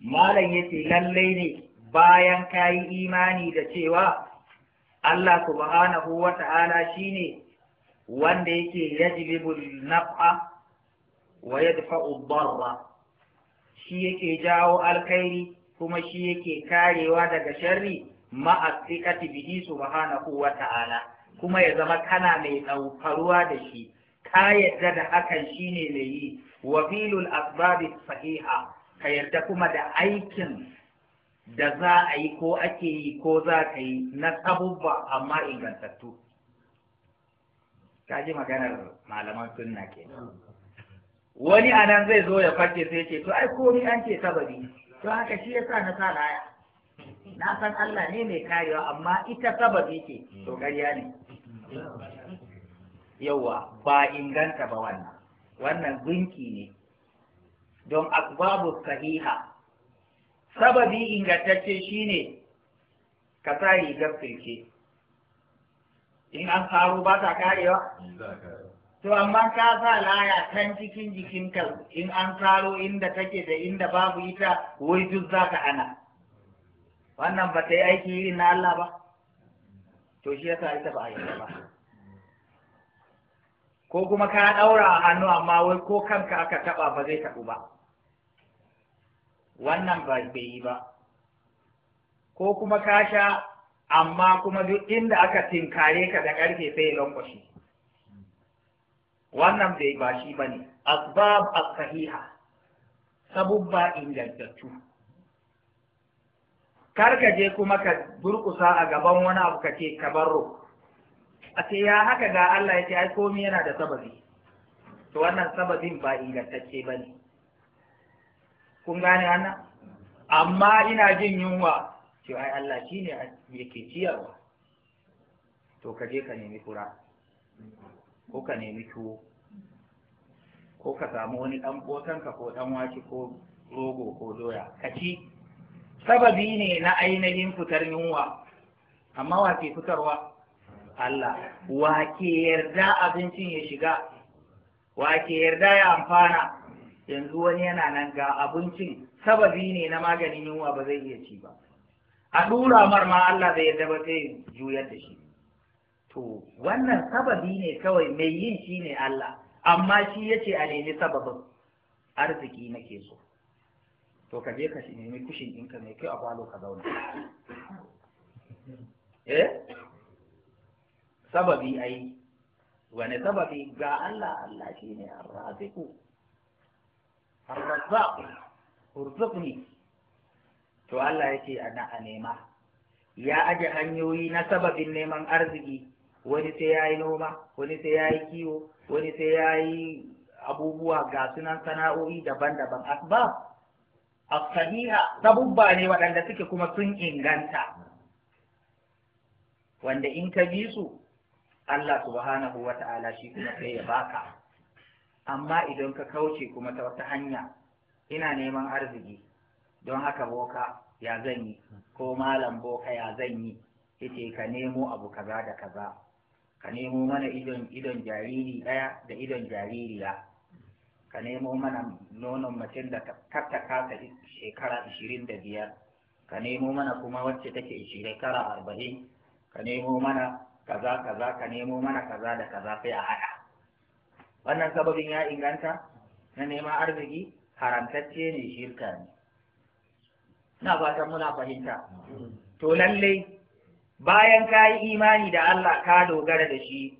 malam yace lallai ne bayan ka yi imani da cewa Allah subhanahu wa ta'ala shi ne wanda yake yajibul naf'a wa yadfa'u darra shi yake jawo alkhairi kuma shi yake karewa daga sharri ma'asikati bihi subhanahu wa ta'ala kuma ya zama kana mai ɗaukaruwa da shi ka yadda da hakan shine mai yi wa filul asbabi sahiha ka yarda kuma da aikin da za a yi ko ake yi ko za ka yi na abubuwa amma ingantattu ka ji maganar malaman sunna ke wani anan zai zo ya fake sai ce to ai komi an ce sababi to haka shi yasa na sa laya na san Allah ne mai karewa amma ita sababi ke, to gariya ne yawa ba inganta ba wannan wannan gunki ne don asbabu sahiha sababi ingantacce shine ka sa rigar firke in an faru ba ta karewa to amma ka sa laya kan cikin jikin ka in an faro inda take da inda babu ita wai duk za ka ana wannan ba ta yi aiki irin na Allah ba to shi yasa ita ba a yi ba ko kuma ka daura a hannu amma wai ko kanka aka taba ba zai taɓu ba wannan ba bai yi ba ko kuma ka sha amma kuma duk inda aka tinkare ka da ƙarfe sai lankwashe wannan bai ba shi ba ne asbab as-sahiha sabubba ingantattu kar ka je kuma ka burkusa a gaban wani abu ka ce ka barro. a ce ya haka ga Allah ya ce ai komai yana da sababi to wannan sababin ba ingantacce ba ne kun gane wannan amma ina jin yunwa cewa ai Allah shine yake ciyarwa to ka je ka nemi fura ko ka nemi tuwo ko ka samu wani dan botanka ko dan wake ko rogo ko doya ka ci sababi ne na ainihin fitar yunwa amma wa ke fitarwa Allah wa ke yarda abincin ya shiga wa ke yarda ya amfana yanzu wani yana nan ga abincin sababi ne na maganin yunwa ba zai iya ci ba a dura mar ma Allah zai yarda ba sai juyar da shi to wannan sababi ne kawai mai yin shi ne Allah amma shi yace a nemi sababin arziki nake so to ka je ka nemi kushin ɗinka mai kyau a falo ka zauna eh sababi ai wani sababi ga Allah Allah shine arrafiku الرزاق ارزقني to Allah ya ce a nema ya aje hanyoyi na sababin neman arziki wani sai ya yi noma wani sai ya yi kiwo wani sai ya yi abubuwa ga sunan sana'o'i daban-daban asbab a sahiha sabubba ne waɗanda suke kuma sun inganta wanda in ka bi su Allah subhanahu wa ta'ala shi kuma sai ya baka amma idan ka kauce kuma ta wata hanya ina neman arziki don haka boka ya zan yi ko malam boka ya zan yi yace ka nemo abu kaza da kaza ka nemo mana idon idon jariri ɗaya da idon jaririya ka nemo mana nonon macen da ta kasa shekara ishirin da biyar ka nemo mana kuma wacce take shekara arba'in ka nemo mana kaza kaza ka nemo mana kaza da kaza sai a haɗa wannan sababin ya inganta na neman arziki haramtacce ne shirka ne na fatan muna fahimta to lallai bayan ka yi imani da Allah ka dogara da shi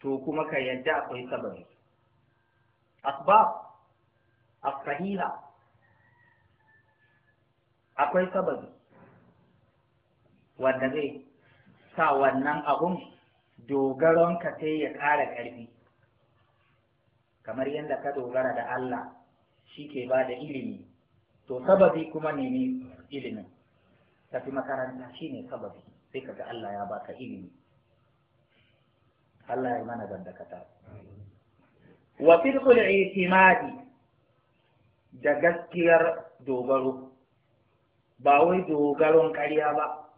to kuma ka yadda akwai sababi asbab as akwai sababi wanda zai sa wannan abun dogaronka sai ya ƙara ƙarfi kamar yadda ka dogara da Allah shi ke ba da ilimi to sababi kuma nemi ilimin tafi makaranta shi ne sababi sai kaga Allah ya baka ilimi Allah ya mana ta wa fidqul itimadi da gaskiyar dogaro ba wai dogaron ƙarya ba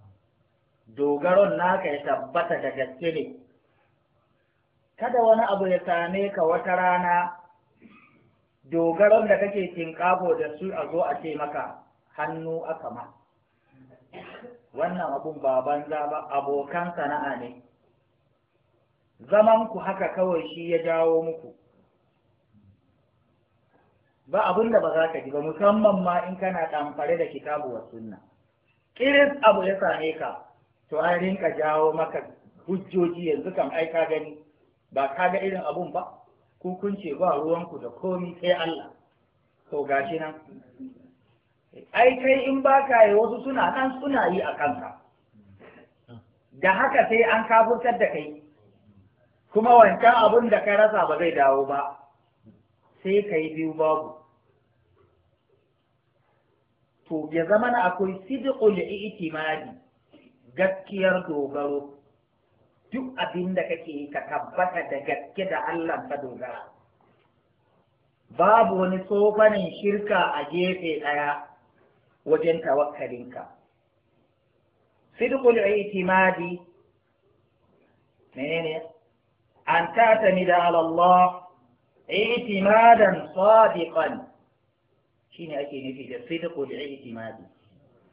dogaron naka ya tabbata da gaske ne kada wani abu ya same ka wata rana dogaron da kake tinƙabo da su a zo a ce maka hannu aka ma wannan abun ba banza ba abokan sana'a ne zaman ku haka kawai shi ya jawo muku ba abun da ba za ka ji ba musamman ma in kana tamfare da kitabu wa sunna kiris abu ya same ka to an rinka jawo maka hujjoji yanzu kan aika gani ba ka ga irin abun ba ku kun ce ba ruwanku da komi sai Allah to gashi nan ai kai in ba ka yi wasu suna nan suna yi a kanka da haka sai an kafurtar da kai kuma wancan abun da ka rasa ba zai dawo ba sai ka yi biyu babu to ya zama na akwai sidiqul i'timadi gaskiyar dogaro duk abin da kake yi ka tabbata da gaske da Allah ka dogara babu wani tsofanin shirka a gefe ɗaya wajen tawakkalinka sidqul itimadi menene an tatamida da Allah itimadan sadiqan shine ake nufi da sidqul itimadi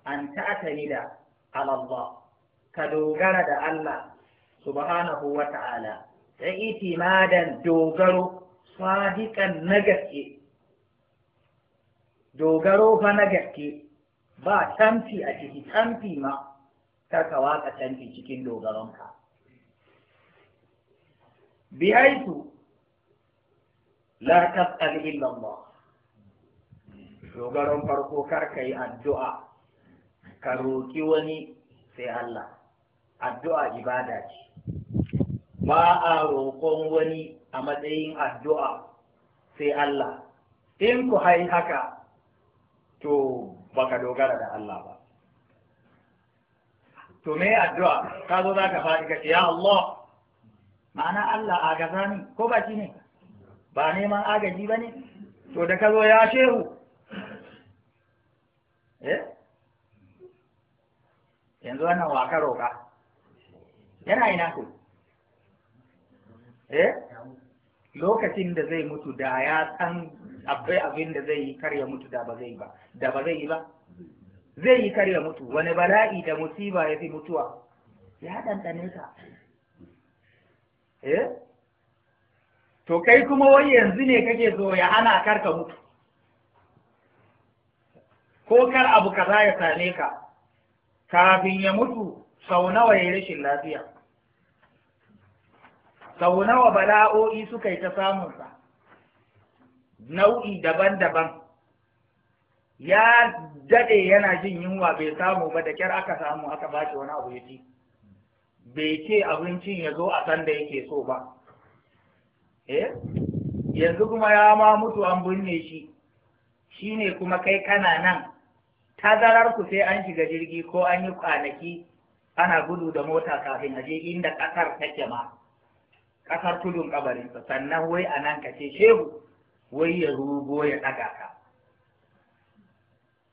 an tatamida da Allah ka dogara da Allah subhanahu wa ta'ala da itimadan dogaro sadiqan na dogaro fa na ba tamfi a ciki tamfi ma karka ka waka tamfi cikin dogaronka bihaitu la tas'al illa Allah dogaron farko kar ka yi addu'a ka roki wani sai Allah addu'a ibada ce ba a roƙon wani a matsayin addu'a sai Allah in ku hai haka to baka dogara da Allah ba to me addu'a ka zo za ka faɗi ka ya Allah ma'ana Allah a gaza ne ko ba shi ne ba neman agaji ba ne to da ka zo ya shehu eh? yanzu wannan waka roƙa yana ina ku Eh? lokacin da zai mutu da ya san akwai abin da zai yi karya mutu da ba zai ba da ba zai yi ba zai yi karya mutu wani bala'i da musiba ya fi mutuwa ya ɗanɗane ka eh to kai kuma wai yanzu ne kake zo ya hana karka mutu ko kar abu kaza ya same ka kafin ya mutu sau nawa ya rashin lafiya sau nawa bala'o'i suka yi ta samunsa nau'i daban-daban ya daɗe yana jin yunwa bai samu ba da kyar aka samu aka ba shi wani abu ya ci bai ce abincin ya zo a sanda yake so ba eh yanzu kuma ya ma mutu an binne shi shine kuma kai kana nan tazarar ku sai an shiga jirgi ko an yi kwanaki ana gudu da mota kafin a je inda ƙasar take ma ƙasar tudun kabarinsa sannan wai a nan ka ce shehu wai ya rugo ya ɗaga ka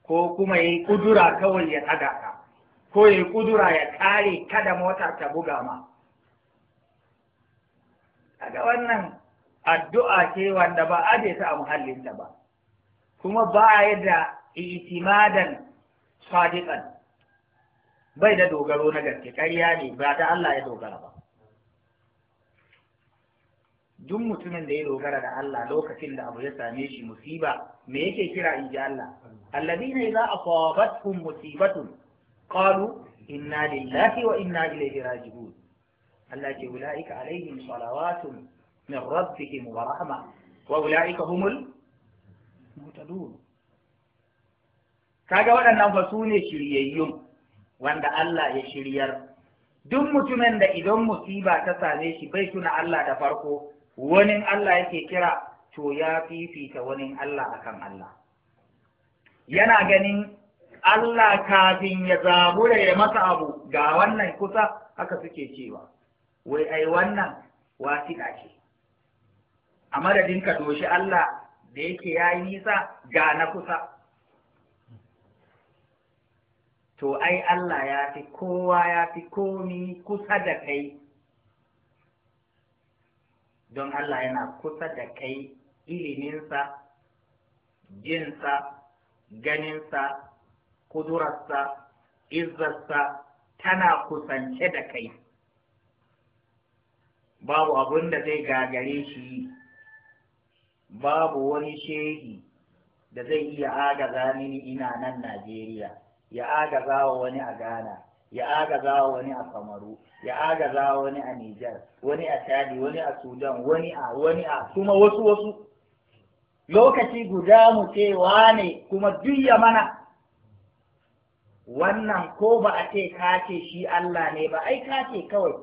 ko kuma ya yi ƙudura kawai ya ɗaga ka ko ya yi ƙudura ya kare kada motar ta buga ma kaga wannan addu'a ce wanda ba aje ta a muhallin ta ba kuma ba a yadda itimadan sadiqan bai da dogaro na gaske ƙarya ne ba ta Allah ya dogara ba duk mutumin da ya dogara da Allah lokacin da abu ya same shi musiba me yake kira in ji Allah alladhina idza asabatkum musibatun qalu inna lillahi wa inna ilaihi raji'un Allah ce ulaika alaihim salawatun min rabbihim wa rahma wa ulaika humul mutadun kaga waɗannan fa su ne shiryayyun wanda Allah ya shiryar duk mutumin da idan musiba ta same shi bai tuna Allah da farko wani Allah yake kira to ya fifita wani Allah akan Allah yana ganin Allah kafin ya zabura ya masa abu ga wannan kusa haka suke cewa wai ai wannan wasiƙa ce a madadin ka doshi Allah da yake yayi nisa ga na kusa to ai Allah ya fi kowa ya fi komi kusa da kai don Allah yana kusa da kai iliminsa jinsa ganinsa kudurarsa izzarsa tana kusance da kai babu abin da zai gagare shi babu wani shehi da zai iya agaza mini ina nan Najeriya ya agaza wa wani a Ghana ya agaza wani a kamaru ya agaza wani a nijar wani a chadi wani a sudan wani a wani a kuma wasu wasu lokaci guda mu ce wane kuma duk mana wannan ko ba a ce ka ce shi Allah ne ba ai ka ce kawai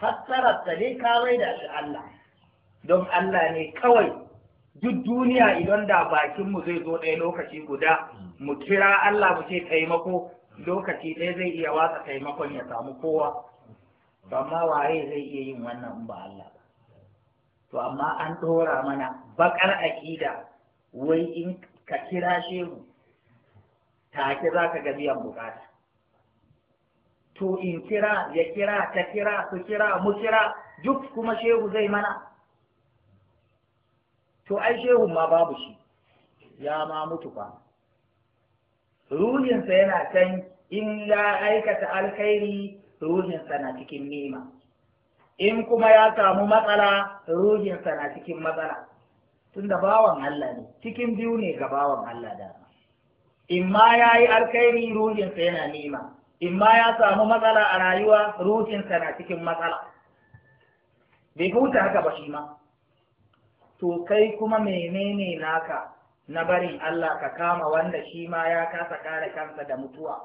fassarar ta dai ka da shi Allah don Allah ne kawai duk duniya idan da bakinmu zai zo ɗaya lokaci guda mu kira Allah mu ce taimako lokaci ɗaya zai iya watsa taimakon ya samu kowa to amma waye zai iya yin wannan ba Allah to amma an ɗora mana bakar aƙida wai in ka kira shehu take za ka ga biyan bukata to in kira ya kira ta kira su kira mu kira duk kuma shehu zai mana to ai shehun ma babu shi ya ma mutu fa ruhinsa yana can in ya aikata alkhairi ruhinsa na cikin nima in kuma ya samu matsala ruhinsa na cikin matsala tunda bawan Allah ne cikin biyu ne ga bawan Allah da in ma ya yi alkhairi ruhinsa yana nima in ma ya samu matsala a rayuwa ruhinsa na cikin matsala bai huta haka ba shi ma to kai kuma menene naka na bari Allah ka kama wanda shi ma ya kasa kare kansa da mutuwa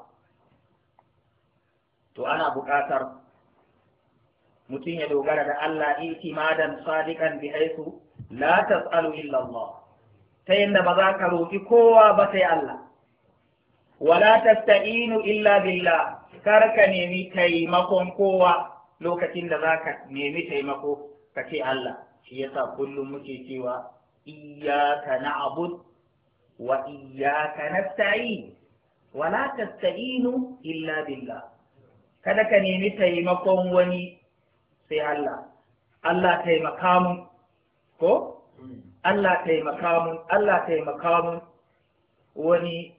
to ana buƙatar mutum ya dogara da Allah itimadan sadiqan bi haisu la tas'alu illa Allah ta yadda ba za ka roƙi kowa ba sai Allah wala tasta'inu illa billah kar ka nemi taimakon kowa lokacin da za ka nemi taimako ka ce Allah shi yasa kullum muke cewa iyyaka na'budu wa iyyaka nasta'in wa la tasta'inu illa billah kada ka nemi taimakon wani sai Allah Allah taimaka mun ko Allah taimaka mun Allah taimaka mun wani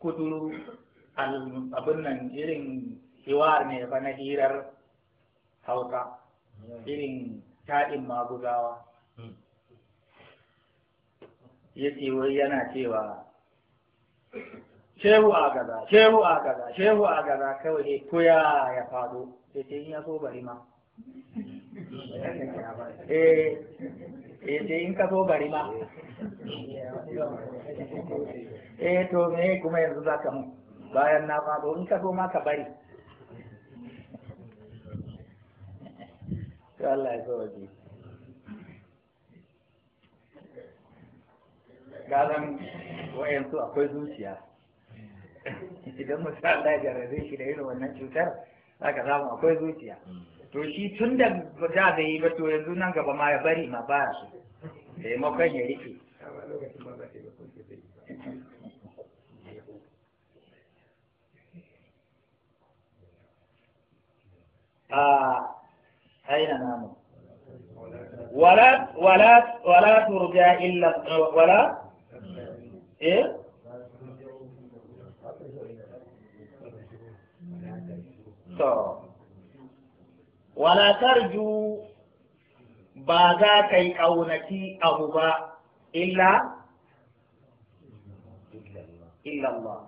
kuduru abin nan irin hiwar ne fa na hirar hauka hmm. irin taɗin maguzawa hmm. ya ce wai yana cewa shehu a gaza shehu a gaza shehu a gaza kawai ne ko ya faɗo ya ce in ya so bari ma eh ce in ka so bari ma eh to me kuma yanzu za ka mun? bayan na faɗo in ka so ma ka bari to Allah ya so waje kasan wayansu akwai zuciya idan mutum Allah ya jarrabe shi da irin wannan cutar za ka samu akwai zuciya to shi tun da da zai yi ba to yanzu nan gaba ma ya bari ma ba su taimakon ya rike a aina namu wala wala wala turja illa wala so eh? to wala tarju ba za ka yi ƙaunaki abu ba illa illallah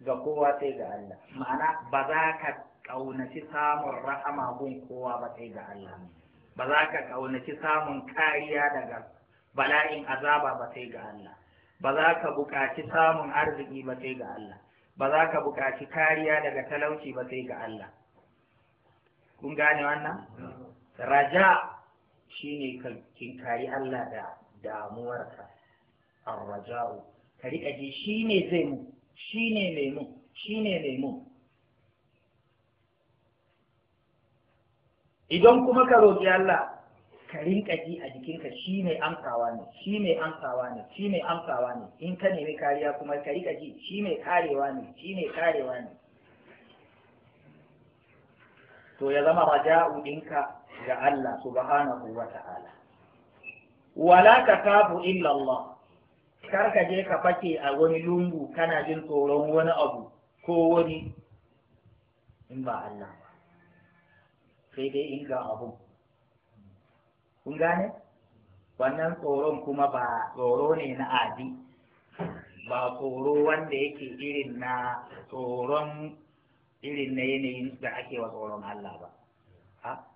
ga kowa sai ga Allah ma'ana ba za ka ƙaunaci samun rahama gun kowa ba sai ga Allah ba za ka ƙaunaci samun kariya daga bala'in azaba ba sai ga Allah ba za ka buƙaci samun arziki ba sai ga Allah ba za ka buƙaci kariya daga talauci ba sai ga Allah kun gane wannan raja shine kin kari Allah da damuwarka ar-raja'u ka riƙa ji shine zai mu shine mai mu shine mai mu idan kuma ka roƙi Allah ka rinka ji a jikinka shi mai amsawa ne shi mai amsawa ne shi mai amsawa ne in ka nemi kariya kuma ka rinka ji shi mai karewa ne shi mai karewa ne to ya zama raja'u dinka ga Allah subhanahu wa ta'ala wala ka kafu illa Allah kar ka je ka fake a wani lungu kana jin tsoron wani abu ko wani in ba Allah ba sai dai in ga abun kun gane wannan tsoron kuma ba tsoro ne na adi ba tsoro wanda yake irin na tsoron irin na yanayin da ake wa tsoron Allah ba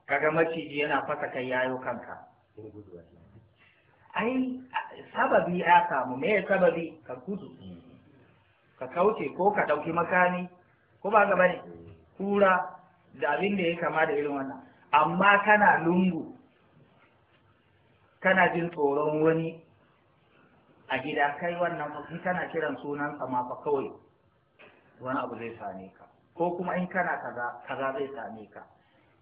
kaga maciji yana fasa kai yayo kanka ai sababi ya samu me ya sababi ka gudu ka kauce ko ka ɗauki makami ko ba gaba ne kura da abin da ya kama da irin wannan amma kana lungu kana jin tsoron wani a gida kai wannan in kana kiran sunan ma fa kawai wani abu zai same ka ko kuma in kana kaza kaza zai same ka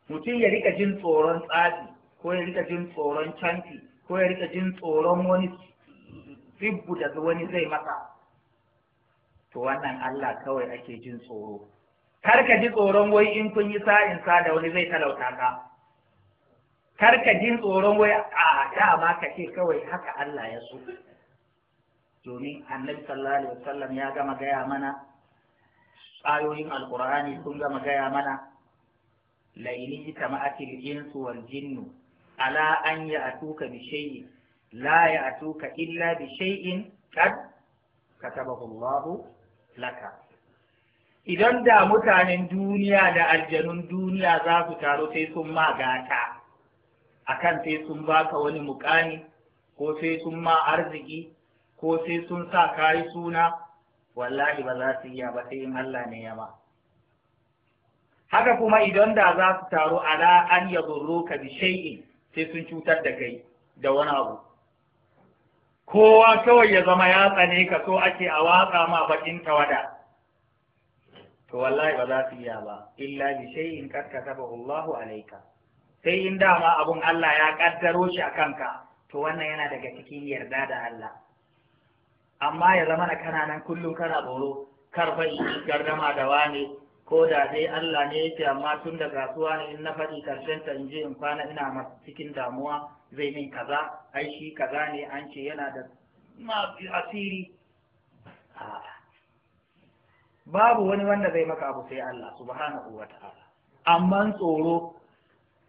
mutum ya rika jin tsoron tsafi ko ya rika jin tsoron canti ko ya rika jin tsoron wani tsibbu da wani zai maka to wannan Allah kawai ake jin tsoro kar ka ji tsoron wai in kun yi sa'in sa da wani zai talauta ka Kar ka jin tsoron wai a dama ka ce kawai haka Allah ya so domin annabi sallallahu alaihi wasallam ya gama gaya mana ayoyin alqur'ani sun gama gaya mana laini jama'atil insu wal jinnu ala an ya'tuka bi shay'in la ya'tuka illa bi shay'in kad katabahu Allahu laka idan da mutanen duniya da aljanun duniya za su taro sai sun magata akan sai sun baka wani mukami ko sai sun ma arziki ko sai sun sa kayi suna wallahi ba za su iya ba sai in Allah ne ya ba. haka kuma idan da za su taru ala an ka bi shay'in sai sun cutar da kai da wani abu kowa kawai ya zama ya tsane ka so ake a watsa ma bakin tawada to wallahi ba za su iya ba illa bi shay'in qad katabahu Allahu alayka sai in dama abun Allah ya kaddaro shi a kanka to wannan yana daga cikin yarda da Allah amma ya zama na kana kullum kana tsoro kar fa gardama da wane ko da dai Allah ne yake amma tun da kasuwa ne in na faɗi karshen ta in je in kwana ina masu cikin damuwa zai min kaza ai shi kaza ne an ce yana da asiri babu wani wanda zai maka abu sai Allah subhanahu wa ta'ala amma tsoro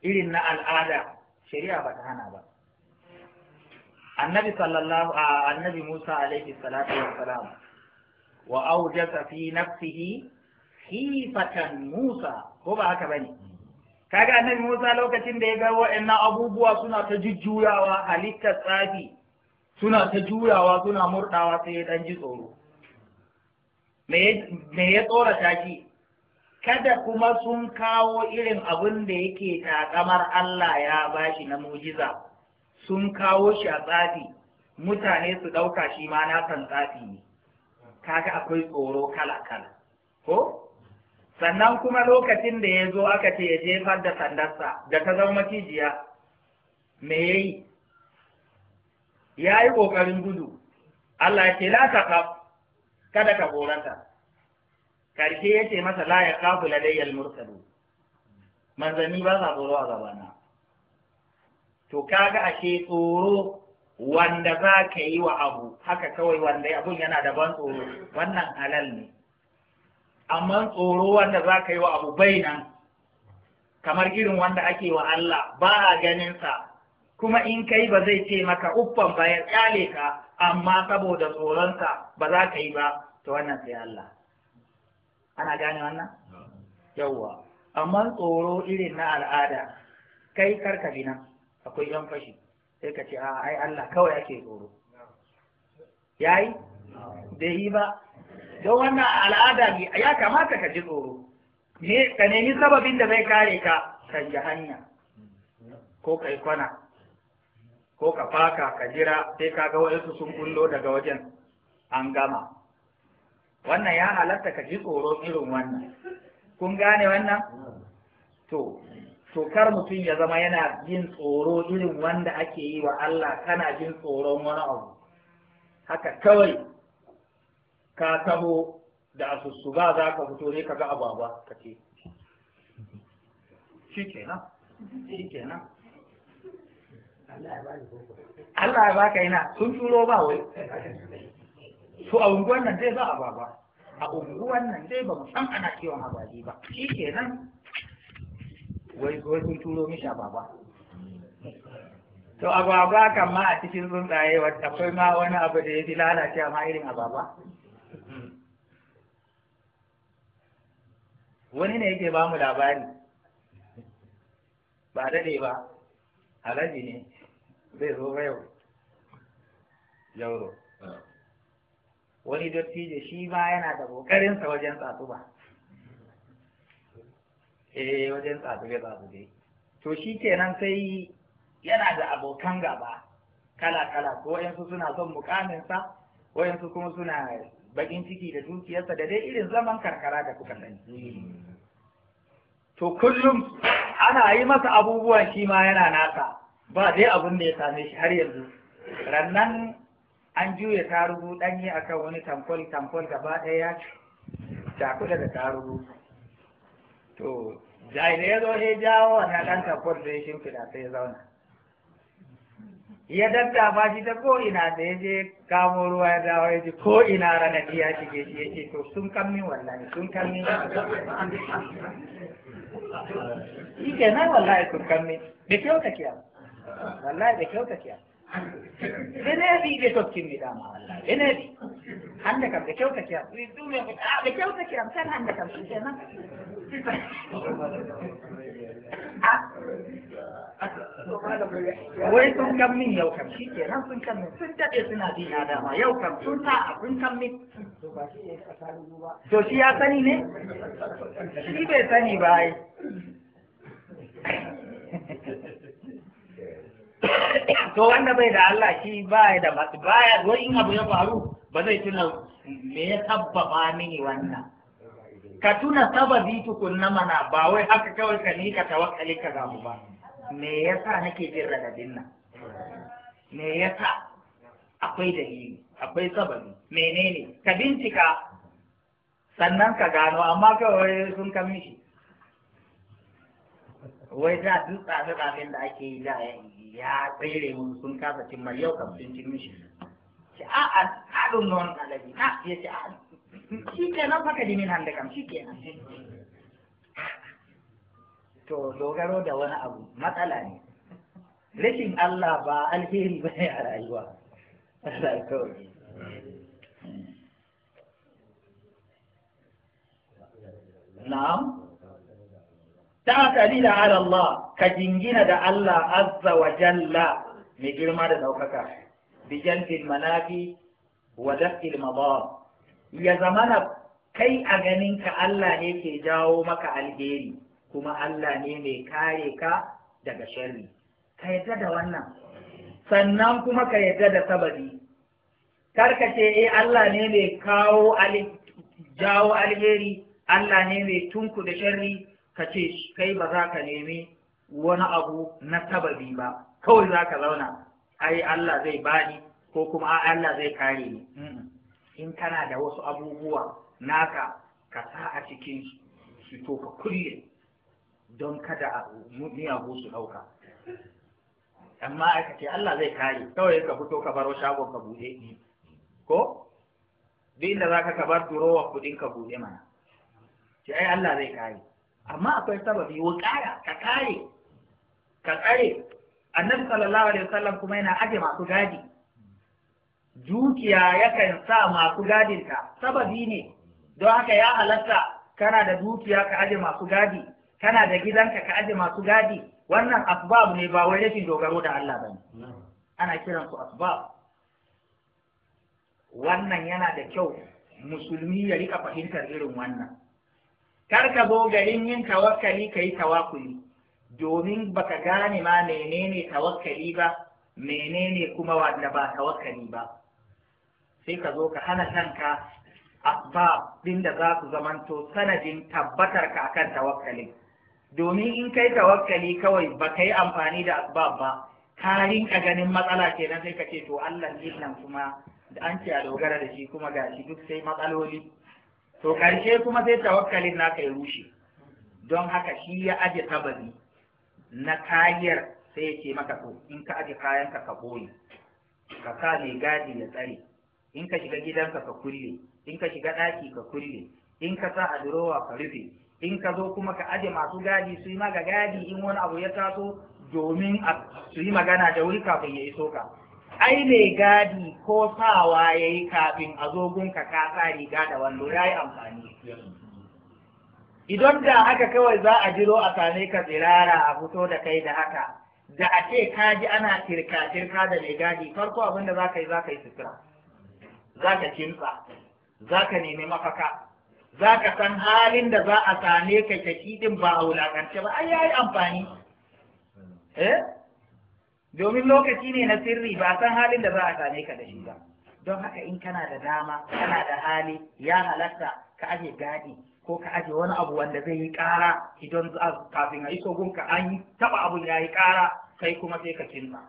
irin na al'ada shari'a ba ta hana ba annabi sallallahu annabi Musa alaihi salatu salam wa awjasa fi nafsihi khifatan Musa ko ba haka bane kaga annabi Musa lokacin da ya ga wa'annan abubuwa suna ta jujjuyawa halittar tsafi suna ta juyawa suna murdawa sai ya dan ji tsoro me ya tsorata shi kada kuma sun kawo irin abin da yake takamar Allah ya bashi na mujiza sun kawo shi a tsafi mutane su ɗauka shi ma na san tsafi ne kaga akwai tsoro kala kala ko sannan kuma lokacin da ya zo aka ce ya jefar da sandarsa da ta zama macijiya me ya yi ya yi ƙoƙarin gudu Allah ya ce la kada ka koranta karshe ya ce masa la ya kafu ladayyal mursalu manzanni ba sa tsoro a gabana to kaga ashe tsoro wanda za ka yi wa abu haka kawai wanda abun yana da ban tsoro wannan halal ne amma tsoro wanda za ka yi wa abu bai nan kamar irin wanda ake wa Allah ba a ganinsa kuma in kai ba zai ce maka uffan bayan tsale ka amma saboda tsoronsa ba za ka yi ba to wannan sai Allah ana gane wannan yawwa amma tsoro irin na al'ada kai karka nan akwai yan fashi sai ka ce a ai Allah kawai ake tsoro yayi bai yi ba don wannan al'ada ne ya kamata ka ji tsoro ne ka nemi sababin da zai kare ka ji hanya ko ka yi kwana ko ka faka ka jira sai ka ga waɗansu sun kullo daga wajen an gama wannan ya halatta ka ji tsoro irin wannan kun gane wannan to to kar mutum ya zama yana jin tsoro irin wanda ake yi wa Allah kana jin tsoron wani abu haka kawai ka taho da asusu ba za ka fito ne ka ga ababa ka ce shi kenan shi kenan Allah ya baka yana sun turo ba wai su a unguwan nan dai ba a baba a unguwan nan dai ba mu san ana kiwon agwaji ba shi ke wai wai sun turo mishi ababa to ababa kan ma a cikin tsuntsaye wata akwai ma wani abu da ya fi lalace ma irin ababa wani ne yake ba mu labari ba dade ba alaji ne zai zo yau yauro wani dattijo shi ba yana da ƙoƙarinsa wajen ba, eh wajen tsatsube dai to shi kenan sai yana da abokan gaba kala kala ko wayansu suna son mukaminsa wayansu kuma suna bakin ciki da dukiyarsa da dai irin zaman karkara da kuka sani to kullum ana yi masa abubuwan shi ma yana nasa ba dai abin da ya same shi har yanzu rannan an juya tarugu a akan wani tamfol tamfol gaba ɗaya ya ci da tarugu to jai ya zo jawo wannan ɗan tamfol da ya shimfiɗa sai ya zauna ya ba shi ta ko'ina da ya je kamo ruwa ya dawo ya ji ko'ina ranar ya shige shi ya ce to sun kammi wallahi sun kammi shi ke nan wallahi sun kammi da kyau ka kiya wallahi da kyau ka kiya Zinabi bai tofkin bi dama Allah, zinabi. Handa kam da kyauta kiyam, a ah, kyauta kiyam kan handa kam shi kenan. Ah. Wai sun kan min yau kam shi kenan sun kan min sun taɓe suna bi na yau kam sun ta a sun kan min. To shi ya sani ne? Shi bai sani ba ai. to wanda bai da Allah shi baya da masu baya wai in abu ya faru ba zai tuna me ya sabbaba mini wannan ka tuna sababi tukunna mana ba wai haka kawai ka ni ka tawakkali ka gamu ba me yasa nake jin radadin nan me yasa akwai dalili akwai sababi menene ka bincika sannan ka gano amma kawai sun kamishi wai da duk tsafe-tsafen da ake yi da ya tsere mun sun kasa cimma yau ka sun cin mishi ce a a tsarin non alabi na ya ce a shi ke nan faka min handa kam shi ke nan to dogaro da wani abu matsala ne rashin Allah ba alheri ba ne a rayuwa Allah na'am ta'akalila ala Allah ka jingina da Allah azza wa jalla mai girma da daukaka bi jalbil manafi wa dafil madar ya zamana kai a ganin ka Allah ne ke jawo maka alheri kuma Allah ne mai kare ka daga sharri ka yadda da wannan sannan kuma ka yadda da sabari karka ce eh Allah ne mai kawo jawo alheri Allah ne mai tunku da sharri ka ce kai ba za ka nemi wani abu na sababi ba kawai za ka zauna ai Allah zai bani ko kuma ai Allah zai kare ni in kana da wasu abubuwa naka ka sa a cikin su to ka kulle don kada miyagu su ɗauka amma aka ce Allah zai kare kawai ka fito ka baro shagon ka buɗe ko duk inda za ka bar durowa kuɗin ka buɗe mana ce ai Allah zai kare amma akwai sababi wa kara ka kare ka kare annabi sallallahu alaihi wasallam kuma yana aje masu gadi dukiya yakan sa masu gadin ka. sababi ne don haka ya halatta kana da dukiya ka aje masu gadi kana da gidanka ka aje masu gadi wannan asbab ne ba wai rashin dogaro da Allah bane ana kiran su asbab wannan yana da kyau musulmi ya rika fahimtar irin wannan kar ka zo garin yin tawakkali ka yi tawakuli domin ba ka gane ma menene tawakkali ba menene kuma wanda ba tawakkali ba sai ka zo ka hana kanka asba din da za su zamanto sanadin tabbatar ka akan tawakkali domin in kai tawakkali kawai ba ka yi amfani da asbab ba ka rinka ganin matsala kenan sai ka ce to Allah nan kuma da an ce a dogara da shi kuma gashi duk sai matsaloli to ƙarshe kuma sai tawakkalin naka ya rushe don haka shi ya aje tabari na kayar sai ya ce maka to in ka aje kayanka ka boye ka sa mai gadi ya tsare in ka shiga gidanka ka kulle in ka shiga ɗaki ka kulle in ka sa a durowa ka rufe in ka zo kuma ka aje masu gadi su yi maka gadi in wani abu ya taso domin su yi magana da wuri kafin ya iso ka ai mai gadi ko sawa ya yi kafin a zogunka ka sa riga da wando ya yi amfani idan da haka kawai za a jiro a same ka tsirara a fito da kai da haka da a ce ka ji ana tirka-tirka da mai gadi farko abin da za ka yi za ka yi sutura za ka kimtsa za ka nemi mafaka za ka san halin da za a same ka kaki din ba a wulakance ba ai ya yi amfani eh domin lokaci ne na sirri ba san halin da za a same ka da shi ba don haka in kana da dama kana da hali ya halatta ka aje gadi ko ka aje wani abu wanda zai yi kara idan kafin a iso gunka an yi taɓa abun ya yi kara kai kuma sai ka cinta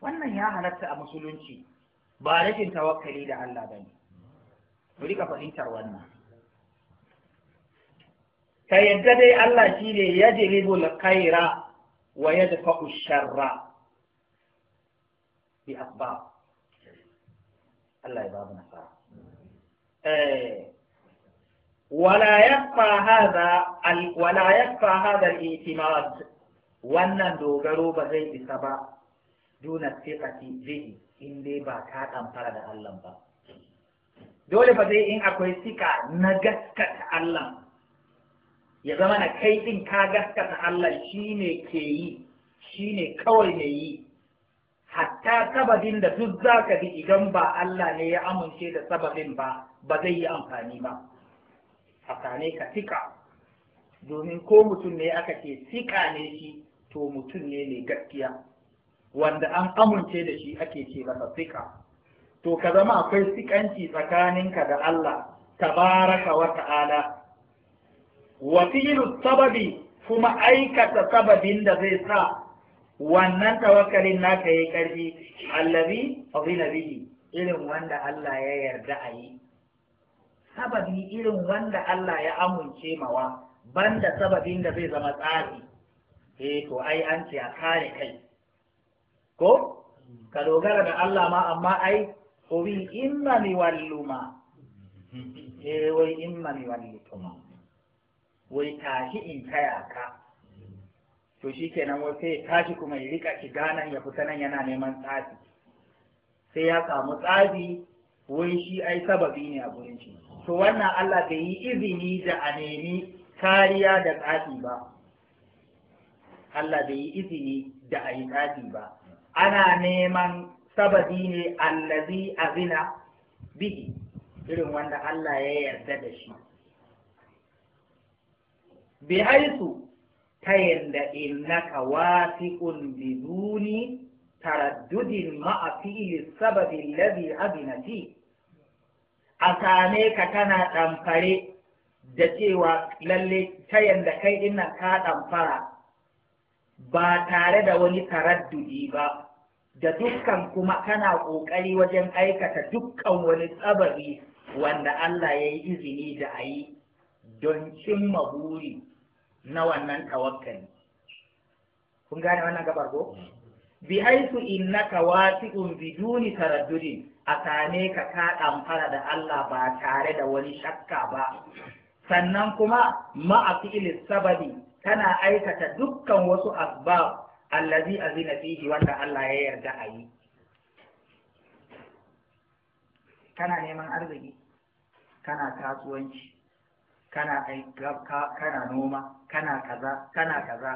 wannan ya halatta a musulunci ba rashin tawakkali da Allah bane mu rika fahimtar wannan ka yadda dai Allah shi shine yajribul khaira wa yadfa'u sharra bi asbab Allah ya ba mu nasara eh wala hadha al wala hadha al i'timad wannan dogaro ba zai isa ba duna tsiqati bihi in dai ba ka damfara da Allah ba dole ba zai in akwai sika na gaskata Allah ya zama na kai ɗin ka gaskata Allah shi ne ke yi shi ne kawai ne yi hatta sababin da duk za ka bi idan ba Allah ne ya amince da sababin ba ba zai yi amfani ba amfane ka sika domin ko mutum ne aka ce sika ne shi to mutum ne mai gaskiya wanda an amince da shi ake ce masa sika to ka zama akwai sikanci tsakaninka da Allah tabaraka wa ta'ala wa sababi kuma aikata sababin da zai sa wannan tawakkalin naka yayi karfi allazi fadila bihi irin wanda Allah ya yarda a yi sababi irin wanda Allah ya amince mawa banda sababin da zai zama tsari eh to ai an ce a kare kai ko ka dogara da Allah ma amma ai obi imma mi walluma eh wai imma mi wallituma wai tashi in kai ka to shi kenan wai sai ya tashi kuma ya rika ki ganan ya fita nan yana neman tsafi sai ya samu tsafi wai shi ai sababi ne a gurin shi to wannan Allah bai yi izini da a nemi kariya da tsafi ba Allah bai yi izini da a yi tsafi ba ana neman sababi ne allazi azina bihi irin wanda Allah ya yarda da shi bi haisu ta yanda innaka wasiqun biduni taraddudin ma'a fi'li sababi alladhi abinati a same ka tana ɗamfare da cewa lalle ta yanda kai dinnan ka ɗamfara ba tare da wani taraddudi ba da dukkan kuma kana ƙoƙari wajen aikata dukkan wani sababi wanda Allah ya yi izini da a yi don cimma buri na wannan tawakkali kun gane wannan gabar ko bi haisu innaka wasi'un biduni taraddudi a same ka ka damfara da Allah ba tare da wani shakka ba sannan kuma ma'a fi'il sababi kana aikata dukkan wasu asbab allazi azina fihi wanda Allah ya yarda a yi kana neman arziki kana kasuwanci kana kana noma kana kaza kana kaza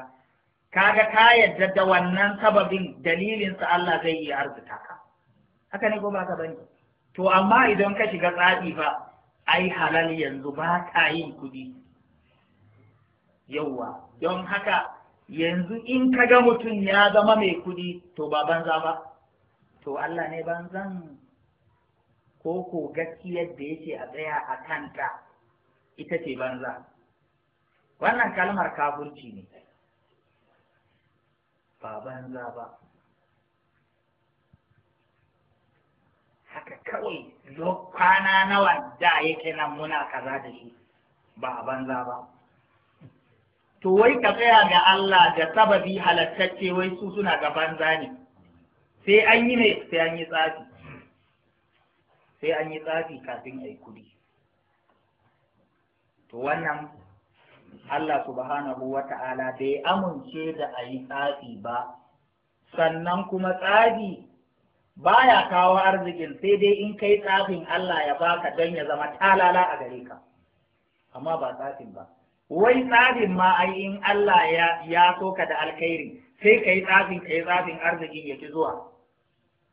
kaga ka yadda da wannan sababin dalilin sa Allah zai yi arzuta ka haka ne ko ba ka bane to amma idan ka shiga tsadi fa ai halal yanzu ba ka yin kudi yawa don haka yanzu in ka ga mutum ya zama mai kudi to ba banza ba to Allah ne banzan ko ko gaskiyar da yake a tsaya a kanta ita ce banza wannan kalmar kafurci ne ba banza ba haka kawai kwana nawa da yake nan muna kaza da shi ba a banza ba to wai ka tsaya ga Allah da sababi halattacce wai su suna ga banza ne sai an yi ne sai an yi tsafi sai an yi tsafi kafin a yi kudi to wannan Allah subhanahu wa ta'ala bai amince da a yi tsafi ba sannan kuma tsafi ba ya kawo arzikin sai dai in kai tsafin Allah ya baka don ya zama talala a gare ka amma ba tsafin ba wai tsafin ma ai in Allah ya ya so ka da alkhairi sai ka yi tsafin ka yi tsafin arzikin ya ki zuwa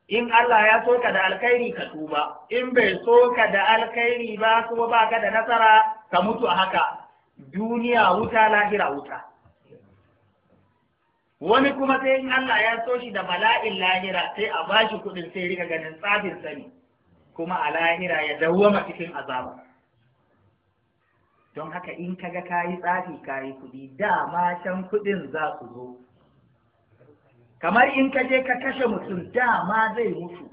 in Allah ya so ka da alkhairi ka tuba in bai so ka da alkhairi ba kuma ba ka da nasara ka mutu a haka duniya wuta lahira wuta wani kuma sai in Allah ya so shi da bala'in lahira sai a bashi kuɗin sai rika ganin tsafin sani kuma a lahira ya dawwama cikin azaba don haka in kaga kayi tsafi kayi kuɗi dama can kuɗin za su zo kamar in ka je ka kashe mutum dama zai mutu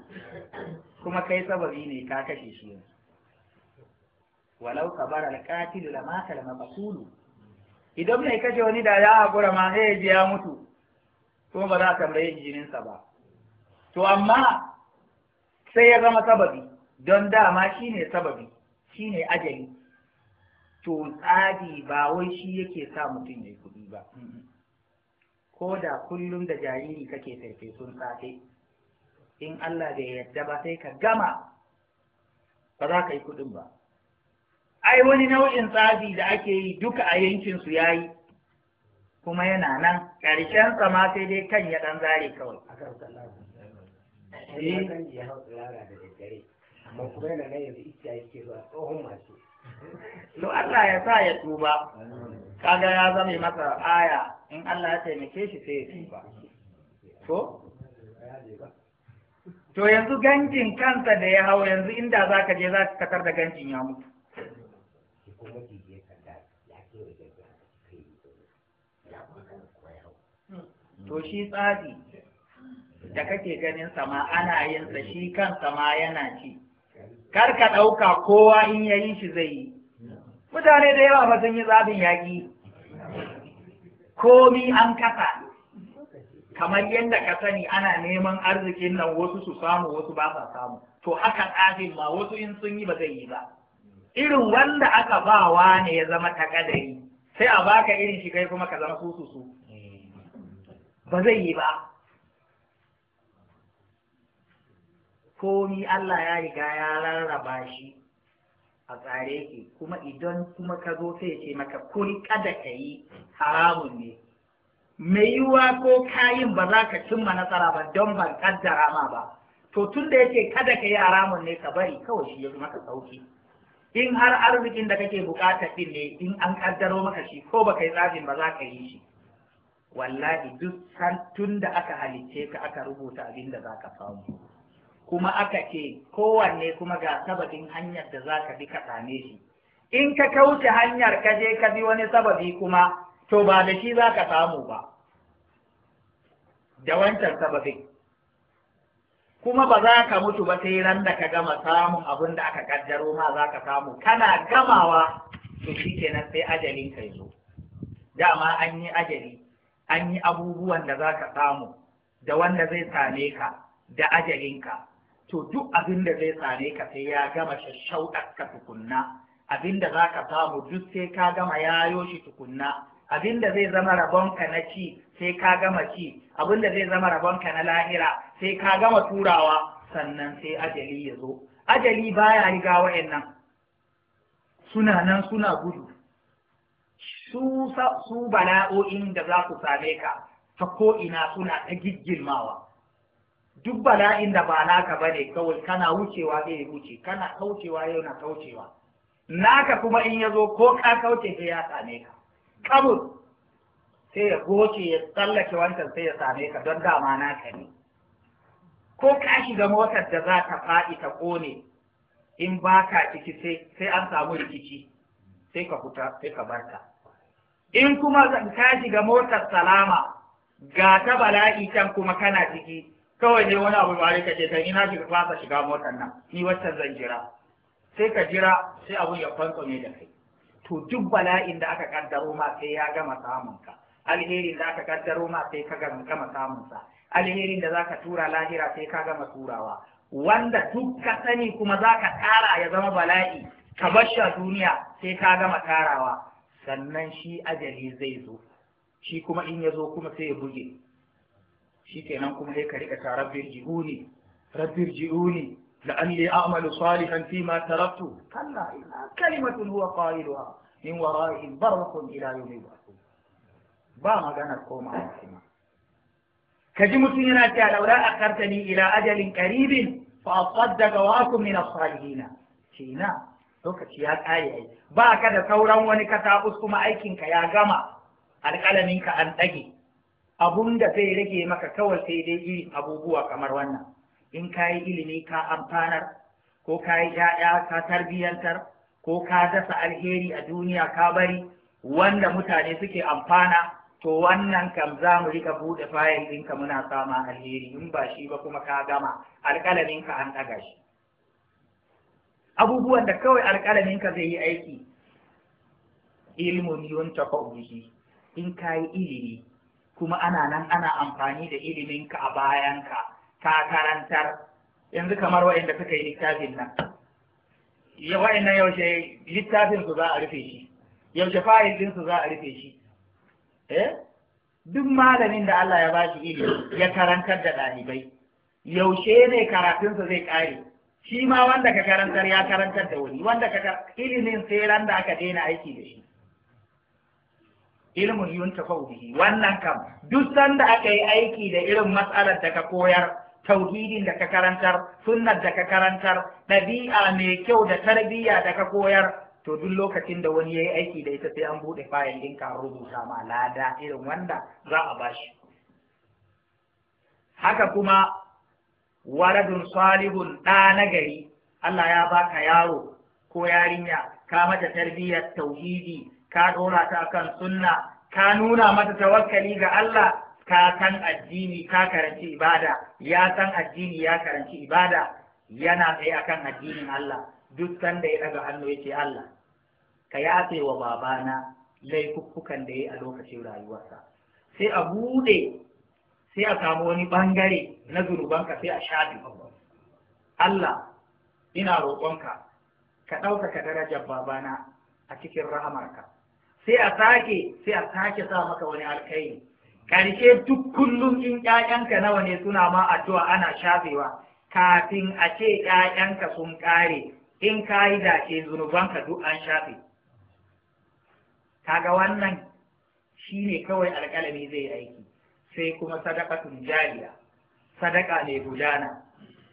kuma kai sababi ne ka kashe shi walau kabar alqatil lama kal maqsulu idan mai kashe wani da ya hakura ma sai ya je ya mutu kuma ba za ka tambaye jininsa ba to amma sai ya zama sababi don dama shi ne sababi shi ne ajali to tsadi ba wai shi yake sa mutum ya yi kuɗi ba ko da kullum da jariri kake farfesun safe in Allah bai yadda ba sai ka gama ba za ka yi kuɗin ba ai wani nau'in tsafi da ake yi duka a yankin su yayi kuma yana nan ƙarshen tsama sai dai kan ya ɗan zare kawai eh. amma kuma yana nan yanzu iska yake zuwa tsohon masu to Allah ya sa ya tuba kaga ya zame masa aya in Allah ya taimake shi sai ya tuba to to yanzu gangin kansa da ya hau yanzu inda zaka je zaka katar da ganjin ya mutu to shi tsari da kake ganin sama ana yin sa shi kansa ma yana ci kar ka ɗauka kowa in ya yi shi zai yi mutane da yawa ba sun yi zaɓin yaƙi komi an kasa kamar yadda ka sani ana neman arzikin nan wasu su samu wasu ba sa samu to haka tsarin ma wasu in sun yi ba zai yi ba irin wanda aka ba wa ne ya zama takadari sai a baka irin shi kai kuma ka zama su ba zai yi ba komi Allah ya riga ya rarraba shi a tsare ki kuma idan kuma ka zo sai ce maka kun kada ka yi haramun ne mai yiwuwa ko kayin ba za ka cimma nasara ba don ban kaddara ma ba to tun da yake kada ka yi haramun ne ka bari kawai shi ya maka sauki in har arzikin da kake bukata din ne in an kaddaro maka shi ko ba kai tsafin ba za ka yi shi wallahi duk tun da aka halicce ka aka rubuta abinda da za ka samu kuma aka ce kowanne kuma ga sababin hanyar da za ka bi ka same shi in ka kauce hanyar ka je ka bi wani sababi kuma to ba da shi za ka samu ba da wancan sababin kuma ba za ka mutu ba sai ran da ka gama samun abin da aka kaddaro ma za ka samu kana gamawa to shi kenan sai ajalin ka zo dama an yi ajali an yi abubuwan da za ka samu da wanda zai same ka da ajalinka to duk abin da zai tsare ka sai ya gama shashshauɗar ka tukunna abin da za ka samu duk sai ka gama yayo shi tukunna abin da zai zama rabonka na ci sai ka gama ci abin da zai zama rabonka na lahira sai ka gama turawa sannan sai ajali ya zo ajali baya riga wa'annan suna nan suna gudu su bala'o'in da za ku same ka ta ko'ina suna ta giggilmawa duk bala'in da ba naka bane kawai kana wucewa zai wuce kana kaucewa yau na kaucewa naka kuma in ya zo ko ka kauce sai ya same ka kabur sai ya goce ya tsallake wancan sai ya same ka don dama naka ne ko ka shiga motar da za ta faɗi ta ƙone in ba ka ciki sai an samu rikici sai ka fita sai ka barka in kuma ka shiga motar salama ga ta bala'i can kuma kana ciki kawai ne wani abu bare ka ce kan ina shiga fasa shiga motar nan ni wacce zan jira sai ka jira sai abun ya ne da kai to duk bala'in da aka kaddaro ma sai ya gama samun ka alherin da aka kaddaro ma sai ka gama samun sa alherin da zaka tura lahira sai ka gama turawa wanda duk ka sani kuma zaka tara ya zama bala'i ka bar shi duniya sai ka gama tarawa sannan shi ajali zai zo shi kuma in ya zo kuma sai ya buge shikenan kuma sai ka rika ta rabbir ji'uni rabbir ji'uni la'alli a'malu salihan fi ma taraktu kalla ina kalimatun huwa qailuha min wara'ihim barzakun ila yawmi yub'athun ba magana komawa kuma ka ji mutum yana cewa laura a kartani ila ajalin karibin fa asaddaka wa akum min as-salihin kina lokaci ya kare ai ba ka da sauran wani katakus kuma aikin ka ya gama alƙalamin ka an dage abun da zai rage maka kawai sai dai irin abubuwa kamar wannan in ka yi ilimi ka amfanar ko ka yi ‘ya'ya ka tarbiyyantar ko ka dasa alheri a duniya ka bari wanda mutane suke amfana to wannan kam za mu rika buɗe fayil ɗinka muna sama alheri in ba shi ba kuma ka gama alƙalaminka an ɗaga shi abubuwan da kawai alƙalaminka zai yi aiki ilmun yunta bihi in ka yi ilimi kuma ana nan ana amfani da iliminka a bayanka ka karantar yanzu kamar waɗanda suka yi littafin nan waɗannan yaushe littafin su za a rufe shi yaushe fa'il din su za a rufe shi eh duk malamin da Allah ya ba shi ilimi ya karantar da ɗalibai yaushe ne karatun su zai ƙare shi ma wanda ka karantar ya karantar da wani wanda ka ilimin sai ran da aka daina aiki da shi ilmun yuntafau bihi wannan kam duk sanda aka yi aiki da irin matsalar da ka koyar tauhidin da ka karantar sunnar da ka karantar ɗabi'a mai kyau da tarbiyya da ka koyar to duk lokacin da wani yayi aiki da ita sai an buɗe fayil din ka rubuta ma lada irin wanda za a bashi haka kuma waradun salihun ɗa nagari, Allah ya baka yaro ko yarinya ka mata tarbiyyar tauhidi ka ɗora ta akan sunna ka nuna mata tawakkali ga Allah ka san addini ka karanci ibada ya san addini ya karanci ibada yana tsaye akan addinin Allah duk sanda ya daga hannu ya Allah ka yafe wa babana laifuffukan da ya a lokacin rayuwarsa sai a bude sai a samu wani bangare na ka, sai a shafi Allah ina roƙonka ka ɗaukaka darajar babana a cikin rahamarka sai a sake sai a sake sa maka wani alkairi karshe duk kullum in ƴaƴanka nawa ne suna ma addu'a ana shafewa kafin a ce ƴaƴanka sun kare, in ka yi dace zunubanka duk an shafe kaga wannan shine kawai alƙalami zai aiki sai kuma sadaqatun jariya sadaka ne gudana